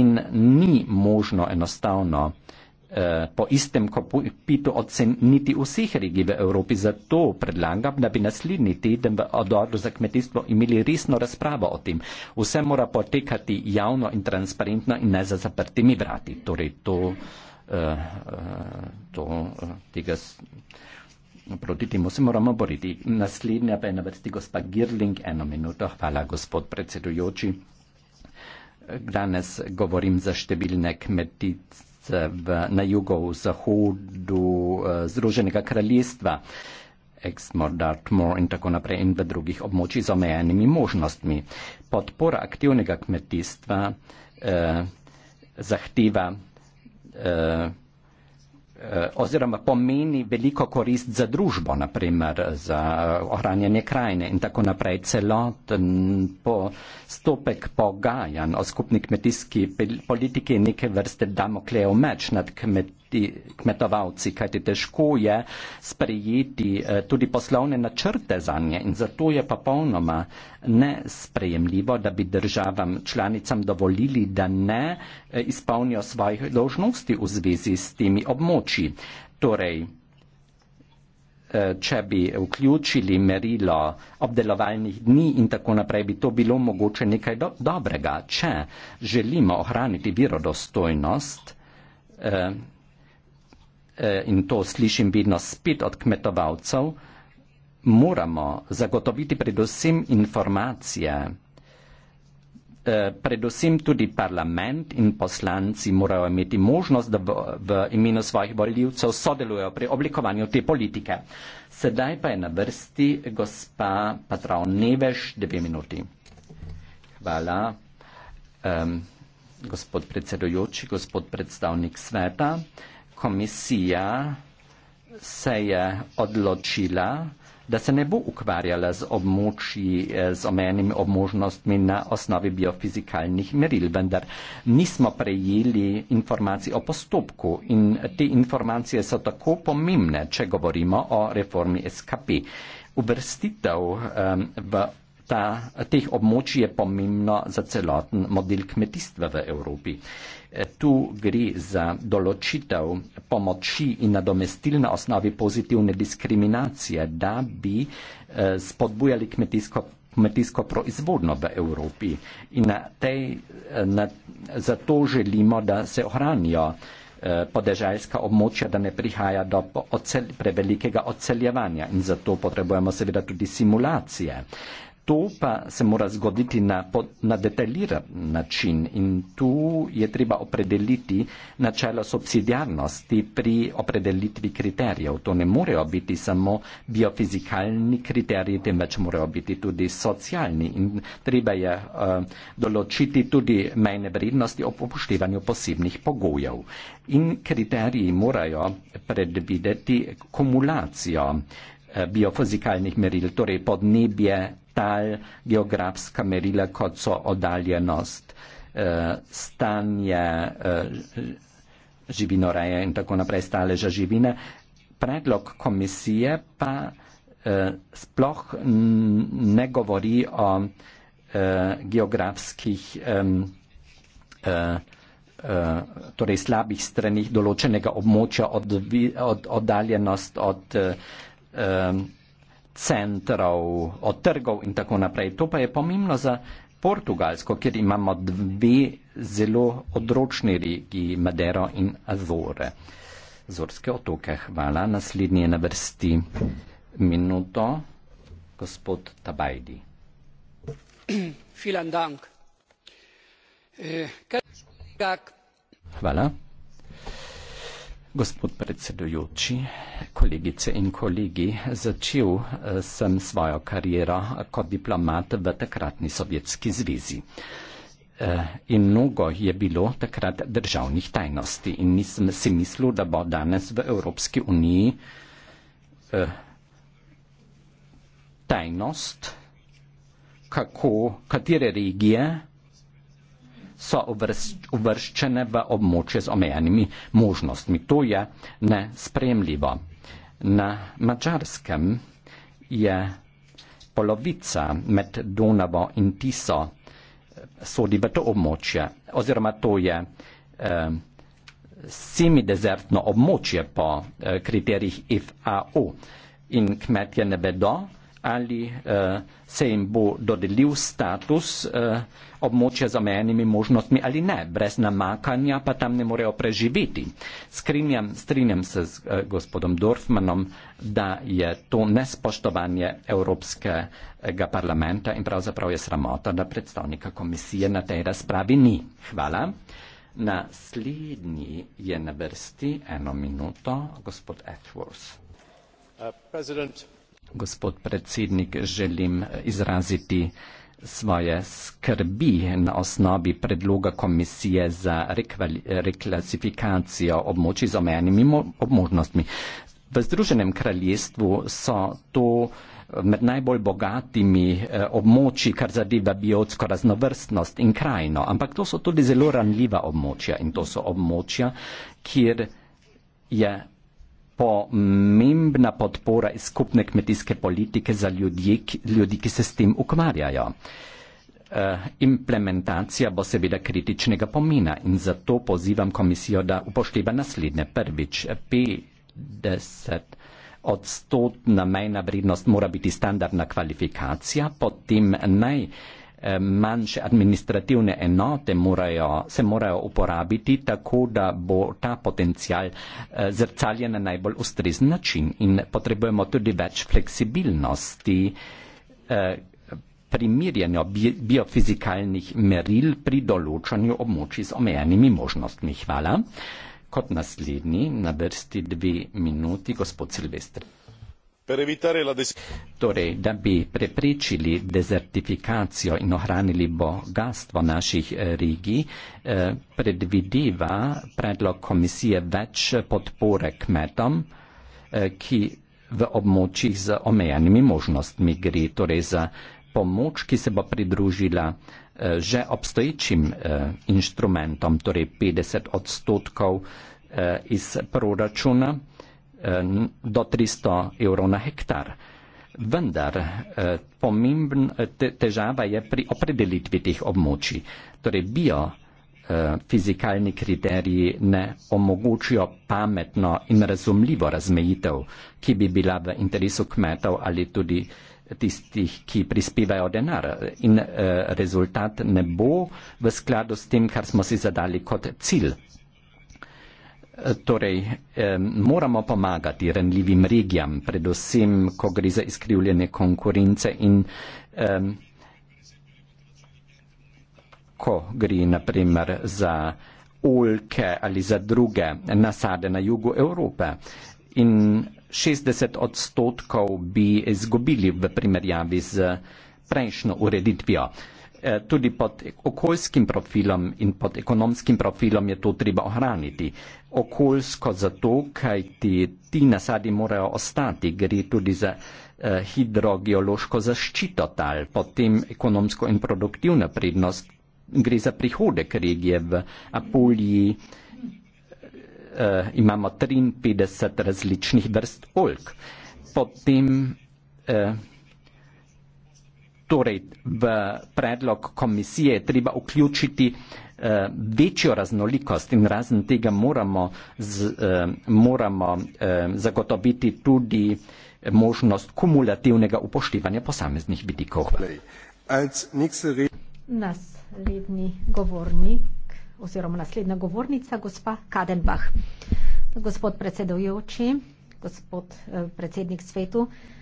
in ni možno enostavno eh, po istem kopitu oceniti vseh regij v Evropi. Zato predlagam, da bi naslednji teden v odoru za kmetijstvo imeli resno razpravo o tem. Vse mora potekati javno in transparentno in ne za zaprtimi vrati. Torej, to, eh, eh, to, tega, proti temu se moramo boriti. Naslednja pa je na vrsti gospa Girling. Eno minuto. Hvala, gospod predsedujoči danes govorim za številne kmetice v, na jugu, v zahodu eh, Združenega kraljestva, Exmoor, Dartmoor in tako naprej in v drugih območjih z omejenimi možnostmi. Podpora aktivnega kmetijstva eh, zahteva eh, Eh, oziroma pomeni veliko korist za družbo, naprimer za ohranjanje krajine in tako naprej. Celoten postopek pogajan o skupni kmetijski politiki je neke vrste damoklejo meč nad kmetijami ti kmetovalci, kajti težko je sprejeti eh, tudi poslovne načrte za nje in zato je popolnoma nesprejemljivo, da bi državam članicam dovolili, da ne eh, izpolnijo svojih dožnosti v zvezi s temi območji. Torej, eh, Če bi vključili merilo obdelovalnih dni in tako naprej, bi to bilo mogoče nekaj do dobrega. Če želimo ohraniti virodostojnost, eh, Eh, in to slišim vedno spet od kmetovalcev, moramo zagotoviti predvsem informacije. Eh, predvsem tudi parlament in poslanci morajo imeti možnost, da v, v imenu svojih voljivcev sodelujo pri oblikovanju te politike. Sedaj pa je na vrsti gospa Patrao Neveš, dve minuti. Hvala, um, gospod predsedujoči, gospod predstavnik sveta komisija se je odločila, da se ne bo ukvarjala z območji, eh, z omenjenimi območnostmi na osnovi biofizikalnih meril, vendar nismo prejeli informacij o postopku in te informacije so tako pomembne, če govorimo o reformi SKP. Uvrstitev um, v ta, teh območij je pomembno za celoten model kmetijstva v Evropi. E, tu gre za določitev pomoči in nadomestil na osnovi pozitivne diskriminacije, da bi e, spodbujali kmetijsko kmetijsko proizvodno v Evropi in na tej, e, na, zato želimo, da se ohranijo eh, podeželjska območja, da ne prihaja do ocel, prevelikega odseljevanja in zato potrebujemo seveda tudi simulacije. Eh, To pa se mora zgoditi na, na detaljiran način in tu je treba opredeliti načelo subsidijarnosti pri opredelitvi kriterijev. To ne morejo biti samo biofizikalni kriteriji, temveč morajo biti tudi socialni in treba je uh, določiti tudi mejne vrednosti ob upoštevanju posebnih pogojev. In kriteriji morajo predvideti kumulacijo eh, biofizikalnih meril, torej podnebje, tal, geografska merila, kot so oddaljenost, eh, stanje eh, živinoreje in tako naprej, staleža živine. Predlog komisije pa eh, sploh ne govori o eh, geografskih, eh, eh, torej slabih stranih določenega območja, od, od, oddaljenost od. Eh, eh, centrov, od trgov in tako naprej. To pa je pomembno za Portugalsko, kjer imamo dve zelo odročni regiji, Madero in Azore. Azorske otoke, hvala. Naslednji je na vrsti minuto, gospod Tabajdi. Äh, hvala. Gospod predsedujoči, kolegice in kolegi, začel eh, sem svojo kariero kot diplomat v takratni Sovjetski zvezi. Eh, in mnogo je bilo takrat državnih tajnosti in nisem si mislil, da bo danes v Evropski uniji eh, tajnost, kako, katere regije so uvrščene v območje z omejenimi možnostmi. To je nespremljivo. Na mačarskem je polovica med Donavo in Tiso eh, sodi v to območje, oziroma to je eh, semidezertno območje po eh, kriterijih FAO in kmetje ne vedo, ali uh, se jim bo dodelil status uh, območja z omejenimi možnostmi ali ne. Brez namakanja pa tam ne morejo preživeti. Skrinjam, strinjam se z uh, gospodom Dorfmanom, da je to nespoštovanje Evropskega parlamenta in pravzaprav je sramota, da predstavnika komisije na tej razpravi ni. Hvala. Naslednji je na vrsti eno minuto, gospod Edwards. Uh, Gospod predsednik, želim izraziti svoje skrbi na osnovi predloga komisije za reklasifikacijo območij z omenjenimi obmožnostmi. V Združenem kraljestvu so to eh, med najbolj bogatimi eh, območji, kar zadeva biotsko raznovrstnost in krajino, ampak to so tudi zelo ranljiva območja in to so območja, kjer je pomembna podpora iz skupne kmetijske politike za ljudje, ki, ljudi, ki se s tem ukvarjajo. Eh, implementacija bo seveda kritičnega pomena in zato pozivam komisijo, da upošteva naslednje. Prvič, 50 odstotna mejna vrednost mora biti standardna kvalifikacija, potem naj. Eh, manjše administrativne enote morajo, se morajo uporabiti tako, da bo ta potencial eh, zrcaljen na najbolj ustrezen način. In potrebujemo tudi več fleksibilnosti eh, pri mirjenju biofizikalnih meril pri določanju območij z omejenimi možnostmi. Hvala. Kot naslednji na vrsti dve minuti, gospod Silvestr. Torej, da bi preprečili dezertifikacijo in ohranili bogatstvo naših eh, regij, eh, predvideva predlog komisije več podpore kmetom, eh, ki v območjih z omejenimi možnostmi gre, torej za pomoč, ki se bo pridružila že obstoječim inštrumentom, torej 50 odstotkov iz proračuna. Eh, do 300 evrov na hektar. Vendar eh, pomembn, te, težava je pri opredelitvi teh območij. Torej bio eh, fizikalni kriteriji ne omogočijo pametno in razumljivo razmejitev, ki bi bila v interesu kmetov ali tudi tistih, ki prispevajo denar. In eh, rezultat ne bo v skladu s tem, kar smo si zadali kot cilj Eh, torej, eh, moramo pomagati renljivim regijam, predvsem, ko gre za izkrivljene konkurence in eh, ko gre naprimer za oljke ali za druge nasade na jugu Evrope. In 60 odstotkov bi izgubili v primerjavi z prejšnjo ureditvijo. Eh, Eh, tudi pod okoljskim profilom in pod ekonomskim profilom je to treba ohraniti. Okoljsko zato, kaj ti, ti nasadi morajo ostati, gre tudi za eh, hidrogeološko zaščito tal, potem ekonomsko in produktivno prednost, gre za prihodek regije v Apuliji. Eh, imamo 53 različnih vrst oljk. Potem eh, torej v predlog komisije treba vključiti eh, večjo raznolikost in razen tega moramo, z, eh, moramo eh, zagotoviti tudi možnost kumulativnega upoštevanja posameznih vidikov. Naslednji govornik oziroma naslednja govornica, gospa Kadenbach. Gospod predsedujoči, gospod eh, predsednik svetu, eh,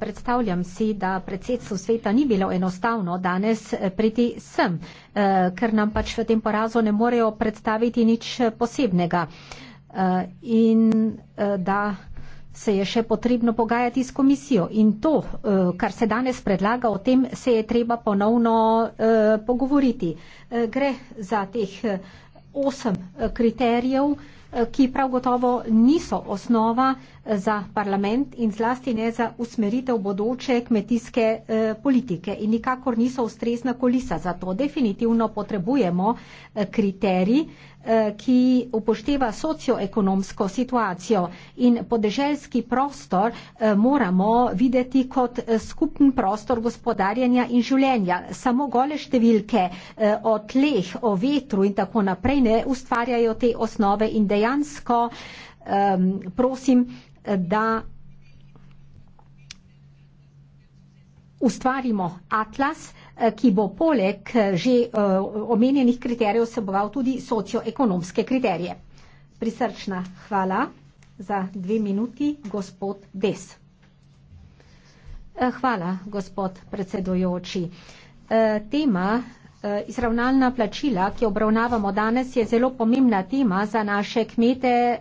Predstavljam si, da predsedstvo sveta ni bilo enostavno danes eh, priti sem, eh, ker nam pač v tem porazu ne morejo predstaviti nič eh, posebnega in da se je še potrebno pogajati s komisijo. In to, kar se danes predlaga, o tem se je treba ponovno pogovoriti. Gre za teh osem kriterijev, ki prav gotovo niso osnova eh, za parlament in zlasti ne za usmeritev bodoče kmetijske eh, politike in nikakor niso ustrezna kolisa. Zato definitivno potrebujemo eh, kriterij, Eh, ki upošteva socioekonomsko situacijo in podeželski prostor eh, moramo videti kot eh, skupen prostor gospodarjenja in življenja. Samo gole številke o tleh, o vetru in tako naprej ne ustvarjajo te osnove in dejansko ehm, prosim, da ustvarimo atlas, eh, ki bo poleg eh, že eh, omenjenih kriterijev vseboval tudi socioekonomske kriterije. Prisrčna hvala za dve minuti, gospod Des. Hvala, gospod predsedujoči. Tema E, izravnalna plačila, ki obravnavamo danes, je zelo pomembna tema za naše kmete e,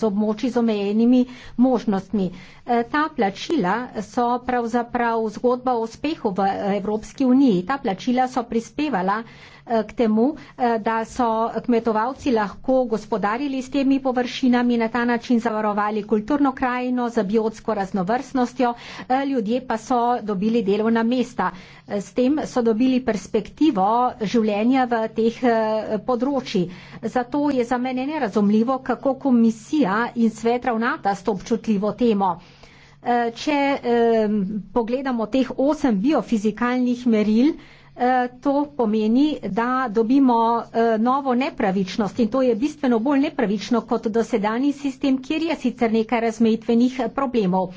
z območji z omejenimi možnostmi. E, ta plačila so pravzaprav zgodba o uspehu v Evropski uniji. Ta plačila so prispevala k temu, eh, da so kmetovalci lahko gospodarili s temi površinami, na ta način zavarovali kulturno krajino z biotsko raznovrstnostjo, eh, ljudje pa so dobili delovna mesta. Eh, s tem so dobili perspektivo življenja v teh področji. Zato je za mene nerazumljivo, kako komisija in svet ravnata s to občutljivo temo. Če eh, pogledamo teh osem biofizikalnih meril, eh, Eh, to pomeni, da dobimo eh, novo nepravičnost in to je bistveno bolj nepravično kot dosedani sistem, kjer je sicer nekaj razmejitvenih eh, problemov.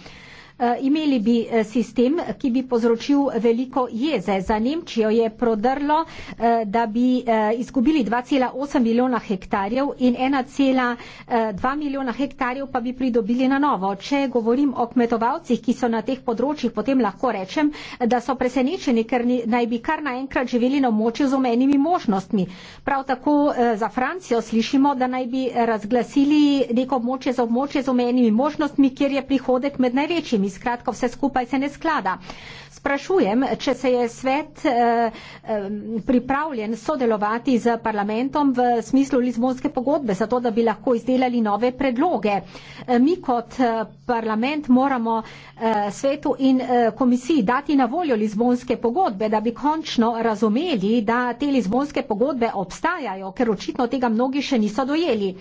Eh, imeli bi eh, sistem, ki bi povzročil veliko jeze. Za Nemčijo je prodrlo, eh, da bi izgubili 2,8 milijona hektarjev in 1,2 milijona hektarjev pa bi pridobili na novo. Če govorim o kmetovalcih, ki so na teh področjih, potem lahko rečem, da so presenečeni, ker naj bi kar naenkrat živeli na območju z omenimi možnostmi. Prav tako za Francijo slišimo, da naj bi razglasili neko območje za območje z omenimi možnostmi, kjer je prihodek med največjimi skratka, vse skupaj se ne sklada. Sprašujem, če se je svet eh, eh, pripravljen sodelovati z parlamentom v smislu Lizbonske pogodbe, zato da bi lahko izdelali nove predloge. Eh, mi kot eh, parlament moramo eh, svetu in eh, komisiji dati na voljo Lizbonske pogodbe, da bi končno razumeli, da te Lizbonske pogodbe obstajajo, ker očitno tega mnogi še niso dojeli.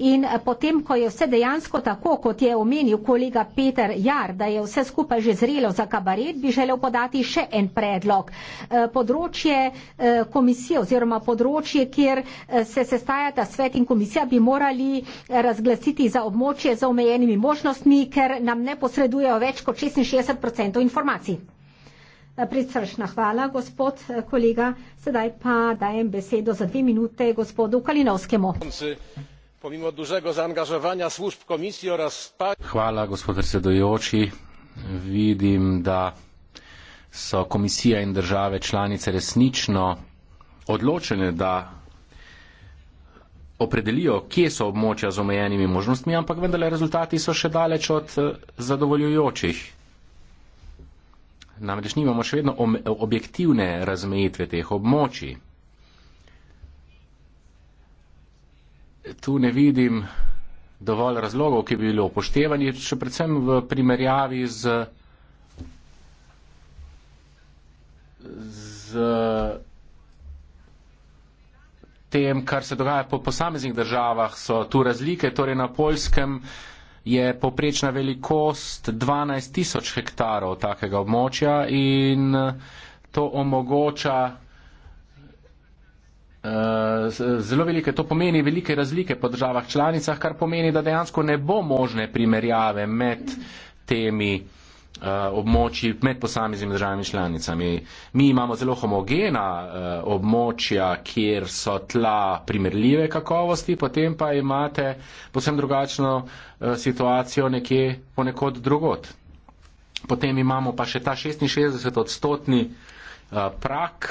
In eh, potem, ko je vse dejansko tako, kot je omenil kolega Peter Jar, da je vse skupaj že zrelo za kabaret, bi želel podati še en predlog. Eh, področje eh, komisije oziroma področje, kjer se sestajata svet in komisija, bi morali razglasiti za območje za omejenimi možnostmi, ker nam ne posredujejo več kot 66% informacij. Pricrčna hvala, gospod kolega. Sedaj pa dajem besedo za dve minute gospodu Kalinovskemu pomimo dużego zaangażowania służb komisji oraz Hvala, gospod predsedujoči. Vidim, da so komisija in države članice resnično odločene, da opredelijo, kje so območja z omejenimi možnostmi, ampak vendarle rezultati so še daleč od eh, zadovoljujočih. Namreč nimamo še vedno objektivne razmejitve teh območij. tu ne vidim dovolj razlogov, ki bi bili upoštevani, še predvsem v primerjavi z, z tem, kar se dogaja po posameznih državah. So tu razlike, torej na Poljskem je poprečna velikost 12 tisoč hektarov takega območja in to omogoča Eh, zelo velike, to pomeni velike razlike po državah članicah, kar pomeni, da dejansko ne bo možne primerjave med temi eh, območji med posameznimi državami članicami. Mi imamo zelo homogena eh, območja, kjer so tla primerljive kakovosti, potem pa imate posebno drugačno situacijo nekje ponekod drugot. Potem imamo pa še ta 66-odstotni prak,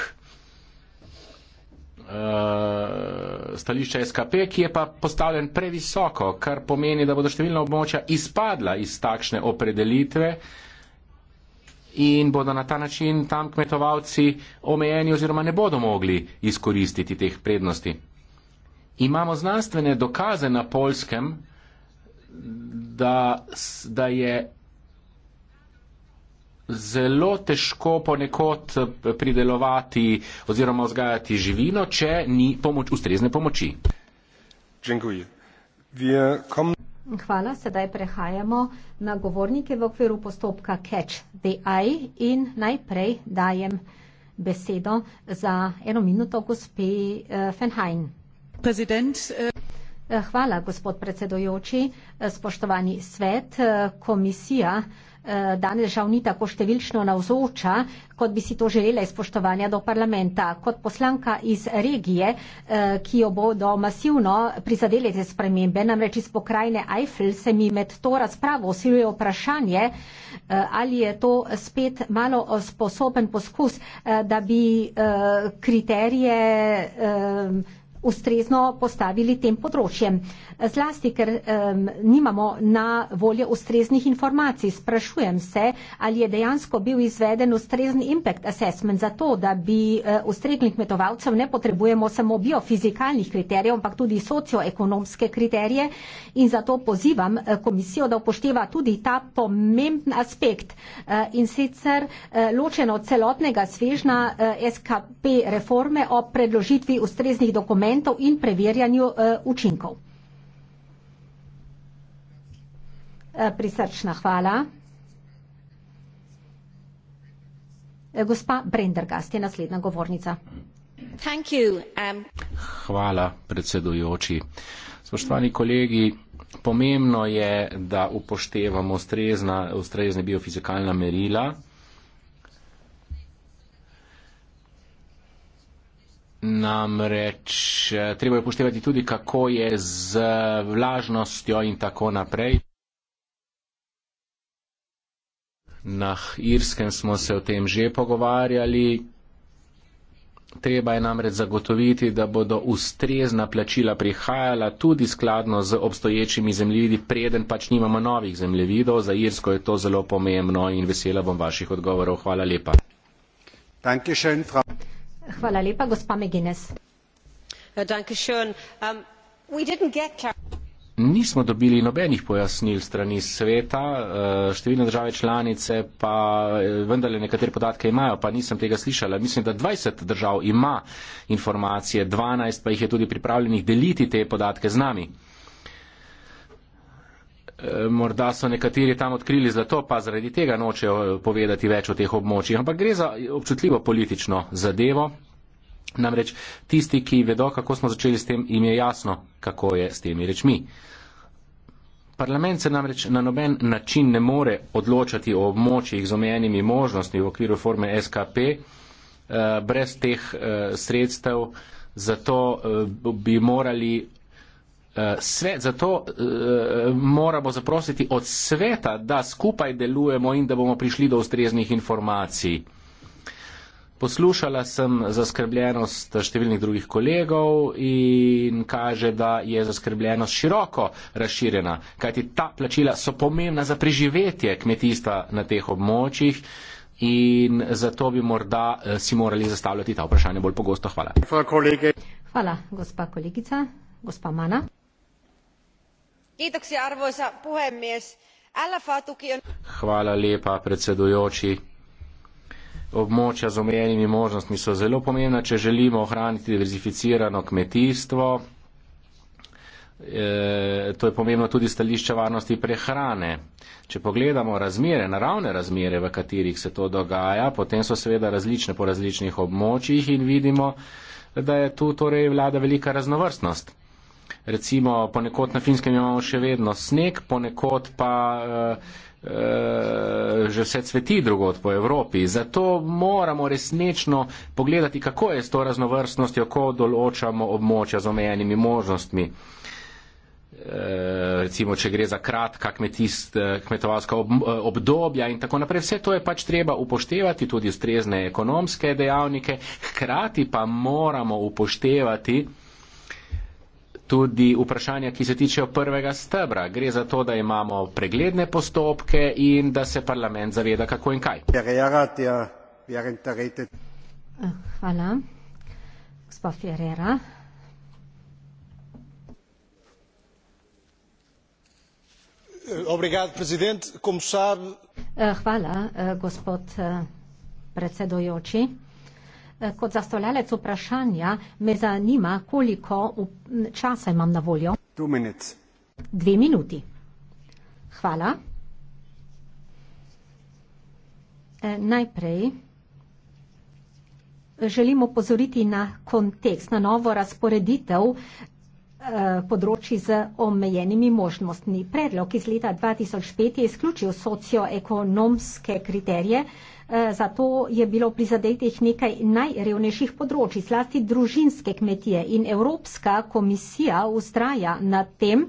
Eh, stališča SKP, ki je pa postavljen previsoko, kar pomeni, da bodo številna območja izpadla iz takšne opredelitve in bodo na ta način tam kmetovalci omejeni oziroma ne bodo mogli izkoristiti teh prednosti. Imamo znanstvene dokaze na polskem, da, da je zelo težko ponekod eh, pridelovati oziroma vzgajati živino, če ni pomoč, ustrezne pomoči. Hvala, sedaj prehajamo na govornike v okviru postopka Catch the Eye in najprej dajem besedo za eno minuto gospe eh, Fenhain. President, eh, Hvala, gospod predsedojoči, spoštovani svet, komisija. Eh, danes žal ni tako številčno navzoča, kot bi si to želela iz poštovanja do parlamenta. Kot poslanka iz regije, eh, ki jo bodo masivno prizadele te spremembe, namreč iz pokrajine Eiffel, se mi med to razpravo osiljuje vprašanje, eh, ali je to spet malo sposoben poskus, da bi kriterije ustrezno postavili tem področjem. Zlasti, ker um, nimamo na voljo ustreznih informacij, sprašujem se, ali je dejansko bil izveden ustrezen impact assessment za to, da bi uh, eh, ustrezni kmetovalcev ne potrebujemo samo biofizikalnih kriterijev, ampak tudi socioekonomske kriterije in zato pozivam eh, komisijo, da upošteva tudi ta pomemben aspekt uh, in sicer uh, ločeno celotnega svežna uh, SKP reforme o predložitvi ustreznih dokumentov eksperimentov in preverjanju eh, učinkov. Eh, prisrčna hvala. Eh, gospa Brendergast je naslednja govornica. Thank you, um... Hvala, predsedujoči. Spoštovani kolegi, pomembno je, da upoštevamo ustrezna, ustrezne biofizikalna merila Namreč eh, treba je upoštevati tudi, kako je z vlažnostjo in tako naprej. Na Irskem smo se o tem že pogovarjali. Treba je namreč zagotoviti, da bodo ustrezna plačila prihajala tudi skladno z obstoječimi zemljevidi, preden pač nimamo novih zemljevidov. Za Irsko je to zelo pomembno in vesela bom vaših odgovorov. Hvala lepa. Hvala lepa, gospa McGuinness. Ja, um, Nismo dobili nobenih pojasnil strani sveta, eh, številne države članice pa eh, vendarle nekatere podatke imajo, pa nisem tega slišala. Mislim, da 20 držav ima informacije, 12 pa jih je tudi pripravljenih deliti te podatke z nami. Eh, morda so nekateri tam odkrili zlato, pa zaradi tega nočejo eh, povedati več o teh območjih. Ampak gre za eh, občutljivo politično zadevo. Namreč tisti, ki vedo, kako smo začeli s tem, jim je jasno, kako je s temi rečmi. Parlament se namreč na noben način ne more odločati o območjih z omenjenimi možnostmi v okviru forme SKP brez teh sredstev, zato bi morali Eh, svet zato uh, eh, moramo zaprositi od sveta, da skupaj delujemo in da bomo prišli do ustreznih informacij. Poslušala sem zaskrbljenost številnih drugih kolegov in kaže, da je zaskrbljenost široko razširjena, kajti ta plačila so pomembna za preživetje kmetijstva na teh območjih in zato bi morda uh, si morali zastavljati ta vprašanja bolj pogosto. Hvala. Hvala, gospa kolegica. Gospa Mana arvoisa puhemies lfa tuki on. hvala lepa predsedujoči območja z omejenimi možnostmi so zelo pomembna če želimo ohraniti diverzificirano kmetijstvo e, to je pomembno tudi stališča varnosti prehrane če pogledamo razmere naravne razmere v katerih se to dogaja potem so seveda različne po različnih območjih in vidimo da je tu torej vlada velika raznovrstnost recimo ponekod na finskem imamo še vedno sneg, ponekod pa uh, uh, že vse cveti drugod po Evropi. Zato moramo resnično pogledati, kako je s to raznovrstnostjo, ko določamo območja z omejenimi možnostmi. Eh, recimo, če gre za kratka kmetovalska obdobja in tako naprej, vse to je pač treba upoštevati, tudi ustrezne ekonomske dejavnike, hkrati pa moramo upoštevati, tudi vprašanja, ki se tičejo prvega stebra. Gre za to, da imamo pregledne postopke in da se parlament zaveda, kako in kaj. Hvala. Gospa Ferrera. Obrigado, president. Como sabe... Eh, hvala, eh, gospod eh, predsedojoči. Eh, kot zastavljalec vprašanja me zanima, koliko časa imam na voljo. Two minutes. Dve minuti. Hvala. Eh, najprej želim opozoriti na kontekst, na novo razporeditev Eh, področji z omejenimi možnostmi. Predlog iz leta 2005 je izključil socioekonomske kriterije, eh, zato je bilo prizadetih nekaj najrevnejših področji, zlasti družinske kmetije in Evropska komisija ustraja na tem,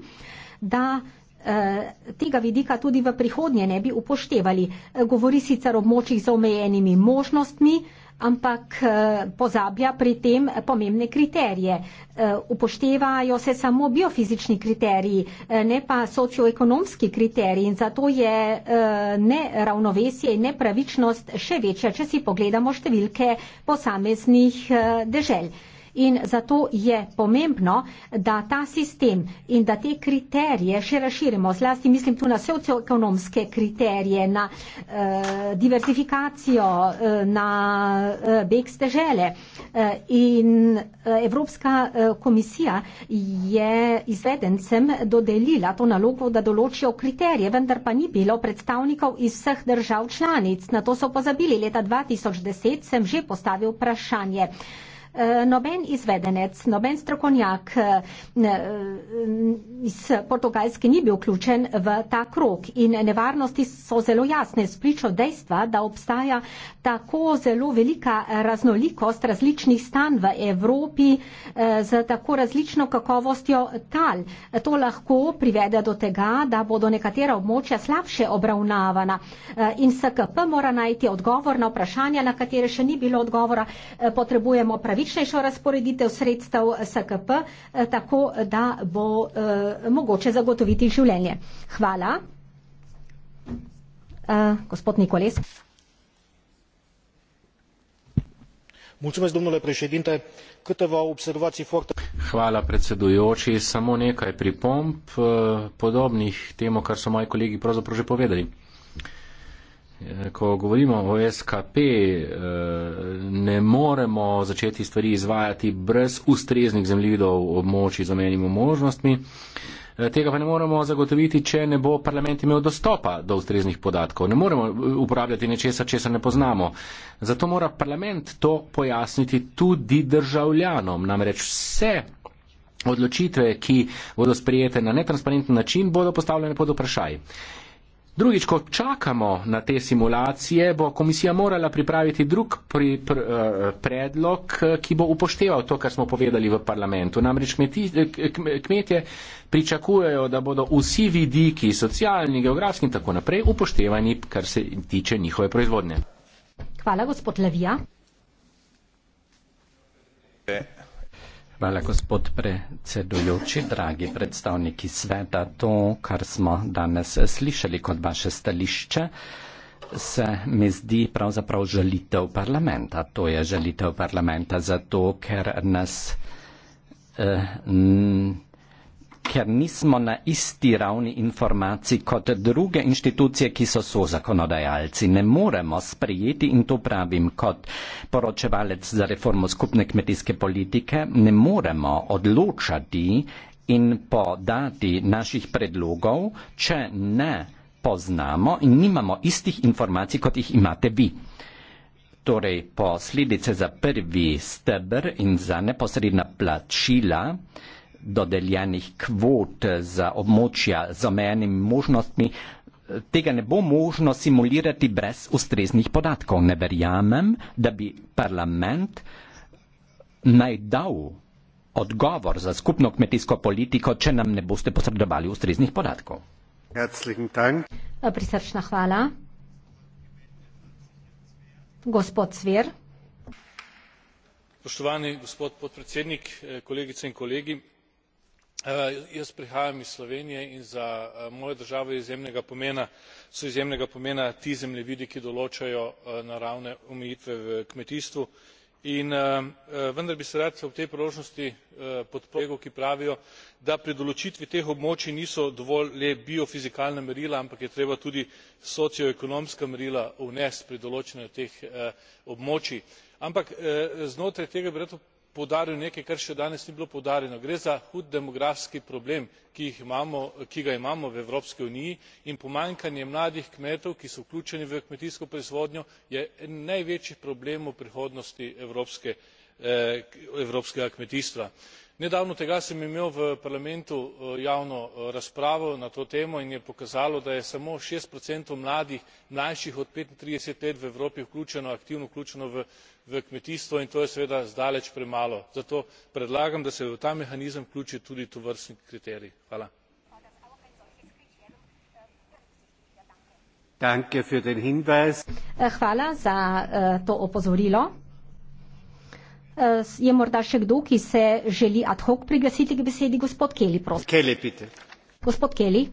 da eh, tega vidika tudi v prihodnje ne bi upoštevali. Govori sicer o območjih z omejenimi možnostmi, ampak eh, pozablja pri tem pomembne kriterije. Eh, upoštevajo se samo biofizični kriteriji, eh, ne pa socioekonomski kriteriji in zato je neravnovesje in nepravičnost še večja, če si pogledamo številke posameznih dežel. In zato je pomembno, da ta sistem in da te kriterije še razširimo. Zlasti mislim tu na socioekonomske kriterije, na eh, diversifikacijo, eh, na eh, beg stežele. Eh, in eh, Evropska eh, komisija je izvedencem dodelila to nalogo, da določijo kriterije, vendar pa ni bilo predstavnikov iz vseh držav članic. Na to so pozabili. Leta 2010 sem že postavil vprašanje noben izvedenec, noben strokovnjak eh, iz Portugalske ni bil vključen v ta krok in nevarnosti so zelo jasne spričo dejstva, da obstaja tako zelo velika raznolikost različnih stan v Evropi eh, z tako različno kakovostjo tal. To lahko privede do tega, da bodo nekatera območja slabše obravnavana eh, in SKP mora najti odgovor na vprašanja, na katere še ni bilo odgovora, potrebujemo pravičnosti pravičnejšo razporeditev sredstev SKP, eh, tako da bo eh, mogoče zagotoviti življenje. Hvala. Eh, gospod Nikoles. Mulțumesc, domnule președinte. Câteva observații foarte... Hvala predsedujoči, samo nekaj pripomp podobnih temu, kar so moji kolegi pravzaprav že povedali. Eh, ko govorimo o SKP, eh, ne moremo začeti stvari izvajati brez ustreznih zemljidov območij z omenjimo možnostmi. Eh, tega pa ne moremo zagotoviti, če ne bo parlament imel dostopa do ustreznih podatkov. Ne moremo uporabljati nečesa, česa ne poznamo. Zato mora parlament to pojasniti tudi državljanom. Namreč vse odločitve, ki bodo sprijete na netransparenten način, bodo postavljene pod vprašaj. Drugič, ko čakamo na te simulacije, bo komisija morala pripraviti drug pri, pr, eh, predlog, eh, ki bo upošteval to, kar smo povedali v parlamentu. Namreč kmeti, eh, kmetje pričakujejo, da bodo vsi vidiki, socialni, geografski in tako naprej, upoštevani, kar se tiče njihove proizvodnje. Hvala, gospod Levija. Hvala, gospod predsedujoči, dragi predstavniki sveta. To, kar smo danes slišali kot vaše stališče, se mi zdi pravzaprav žalitev parlamenta. To je žalitev parlamenta zato, ker nas. Eh, ker nismo na isti ravni informacij kot druge inštitucije, ki so so zakonodajalci. Ne moremo sprejeti, in to pravim kot poročevalec za reformo skupne kmetijske politike, ne moremo odločati in podati naših predlogov, če ne poznamo in nimamo istih informacij, kot jih imate vi. Torej, posledice za prvi stebr in za neposredna plačila, dodeljenih kvot za območja z omenjenimi možnostmi, tega ne bo možno simulirati brez ustreznih podatkov. Ne verjamem, da bi parlament naj dal odgovor za skupno kmetijsko politiko, če nam ne boste posredovali ustreznih podatkov. Prisrčna hvala. Gospod Svir. Spoštovani gospod podpredsednik, eh, kolegice in kolegi. Eh, jaz prihajam iz slovenije in za eh, mojo državo so izjemnega pomena ti zemljevidi ki določajo eh, naravne omejitve v kmetijstvu in vendar bi se rad ob tej priložnosti podprl kolege ki pravijo da pri določitvi teh območij niso dovolj le biofizikalna merila ampak je treba tudi socioekonomska merila vnesti pri določanju teh območij. ampak znotraj tega bi rad poudaril nekaj kar še danes ni bilo poudarjeno gre za hud demografski problem ki ga imamo v evropski uniji in pomanjkanje mladih kmetov ki so vključeni v kmetijsko proizvodnjo je eden največjih problemov prihodnosti eh, evropskega kmetijstva nedavno tega sem imel v parlamentu eh, javno eh, razpravo na to temo in je pokazalo da je samo šest mladih mlajših od petintrideset let v evropi vključeno aktivno vključeno v kmetijstvo in to je seveda zdaleč premalo zato predlagam da se v ta mehanizem vključi tudi tovrstni kriterij. Eh, je morda še kdo, ki se želi ad hoc prigasiti k besedi, gospod Keli, prosim. Keli, pite. Gospod Keli.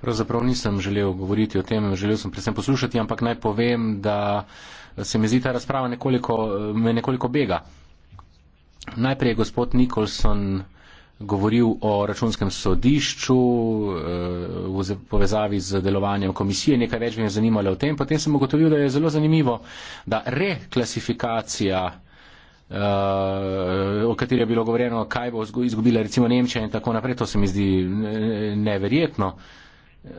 Pravzaprav nisem želel govoriti o tem, želel sem predvsem poslušati, ampak naj povem, da se mi zdi ta razprava nekoliko, me nekoliko bega. Najprej je gospod Nikolson govoril o računskem sodišču, eh, v povezavi z delovanjem komisije, nekaj več me je zanimalo o tem, potem sem ugotovil, da je zelo zanimivo, da reklasifikacija, uh, o kateri je bilo govoreno, kaj bo izgubila recimo Nemčija in tako naprej, to se mi zdi neverjetno. Uh,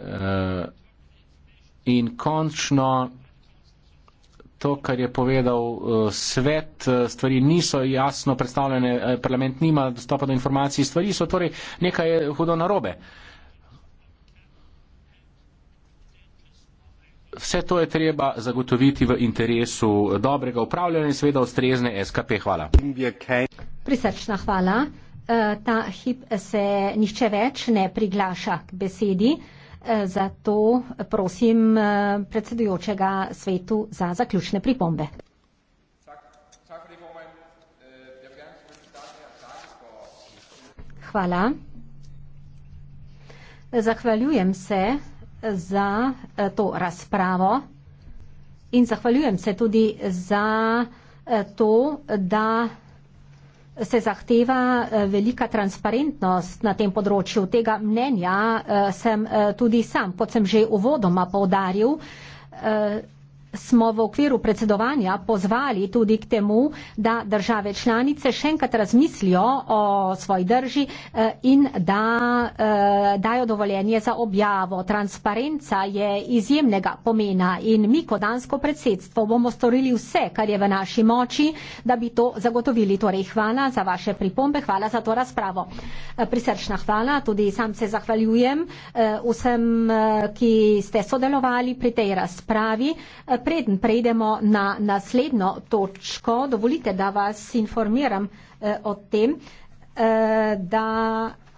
in končno. To, kar je povedal eh, svet, stvari niso jasno predstavljene, parlament nima dostopa do informacij, stvari so torej nekaj hudo narobe. Uh, vse to je treba zagotoviti v interesu dobrega upravljanja in seveda ustrezne SKP. Hvala. Prisrčna hvala. E, ta hip se nišče več ne priglaša k besedi, e, zato prosim e, predsedujočega svetu za zaključne pripombe. Hvala. Zahvaljujem se za eh, to razpravo in zahvaljujem se tudi za eh, to, da se zahteva eh, velika transparentnost na tem področju. Tega mnenja sem tudi sam, kot sem že uvodoma povdaril, smo v okviru predsedovanja pozvali tudi k temu, da države članice še enkrat razmislijo o svoji drži eh, in da eh, dajo dovoljenje za objavo. Transparenca je izjemnega pomena in mi kot dansko predsedstvo bomo storili vse, kar je v naši moči, da bi to zagotovili. Torej, hvala za vaše pripombe, hvala za to razpravo. Eh, prisrčna hvala, tudi sam se zahvaljujem vsem, ki ste sodelovali pri tej razpravi preden preidemo na naslednjo točko, dovolite, da vas informiram eh, o tem, eh, da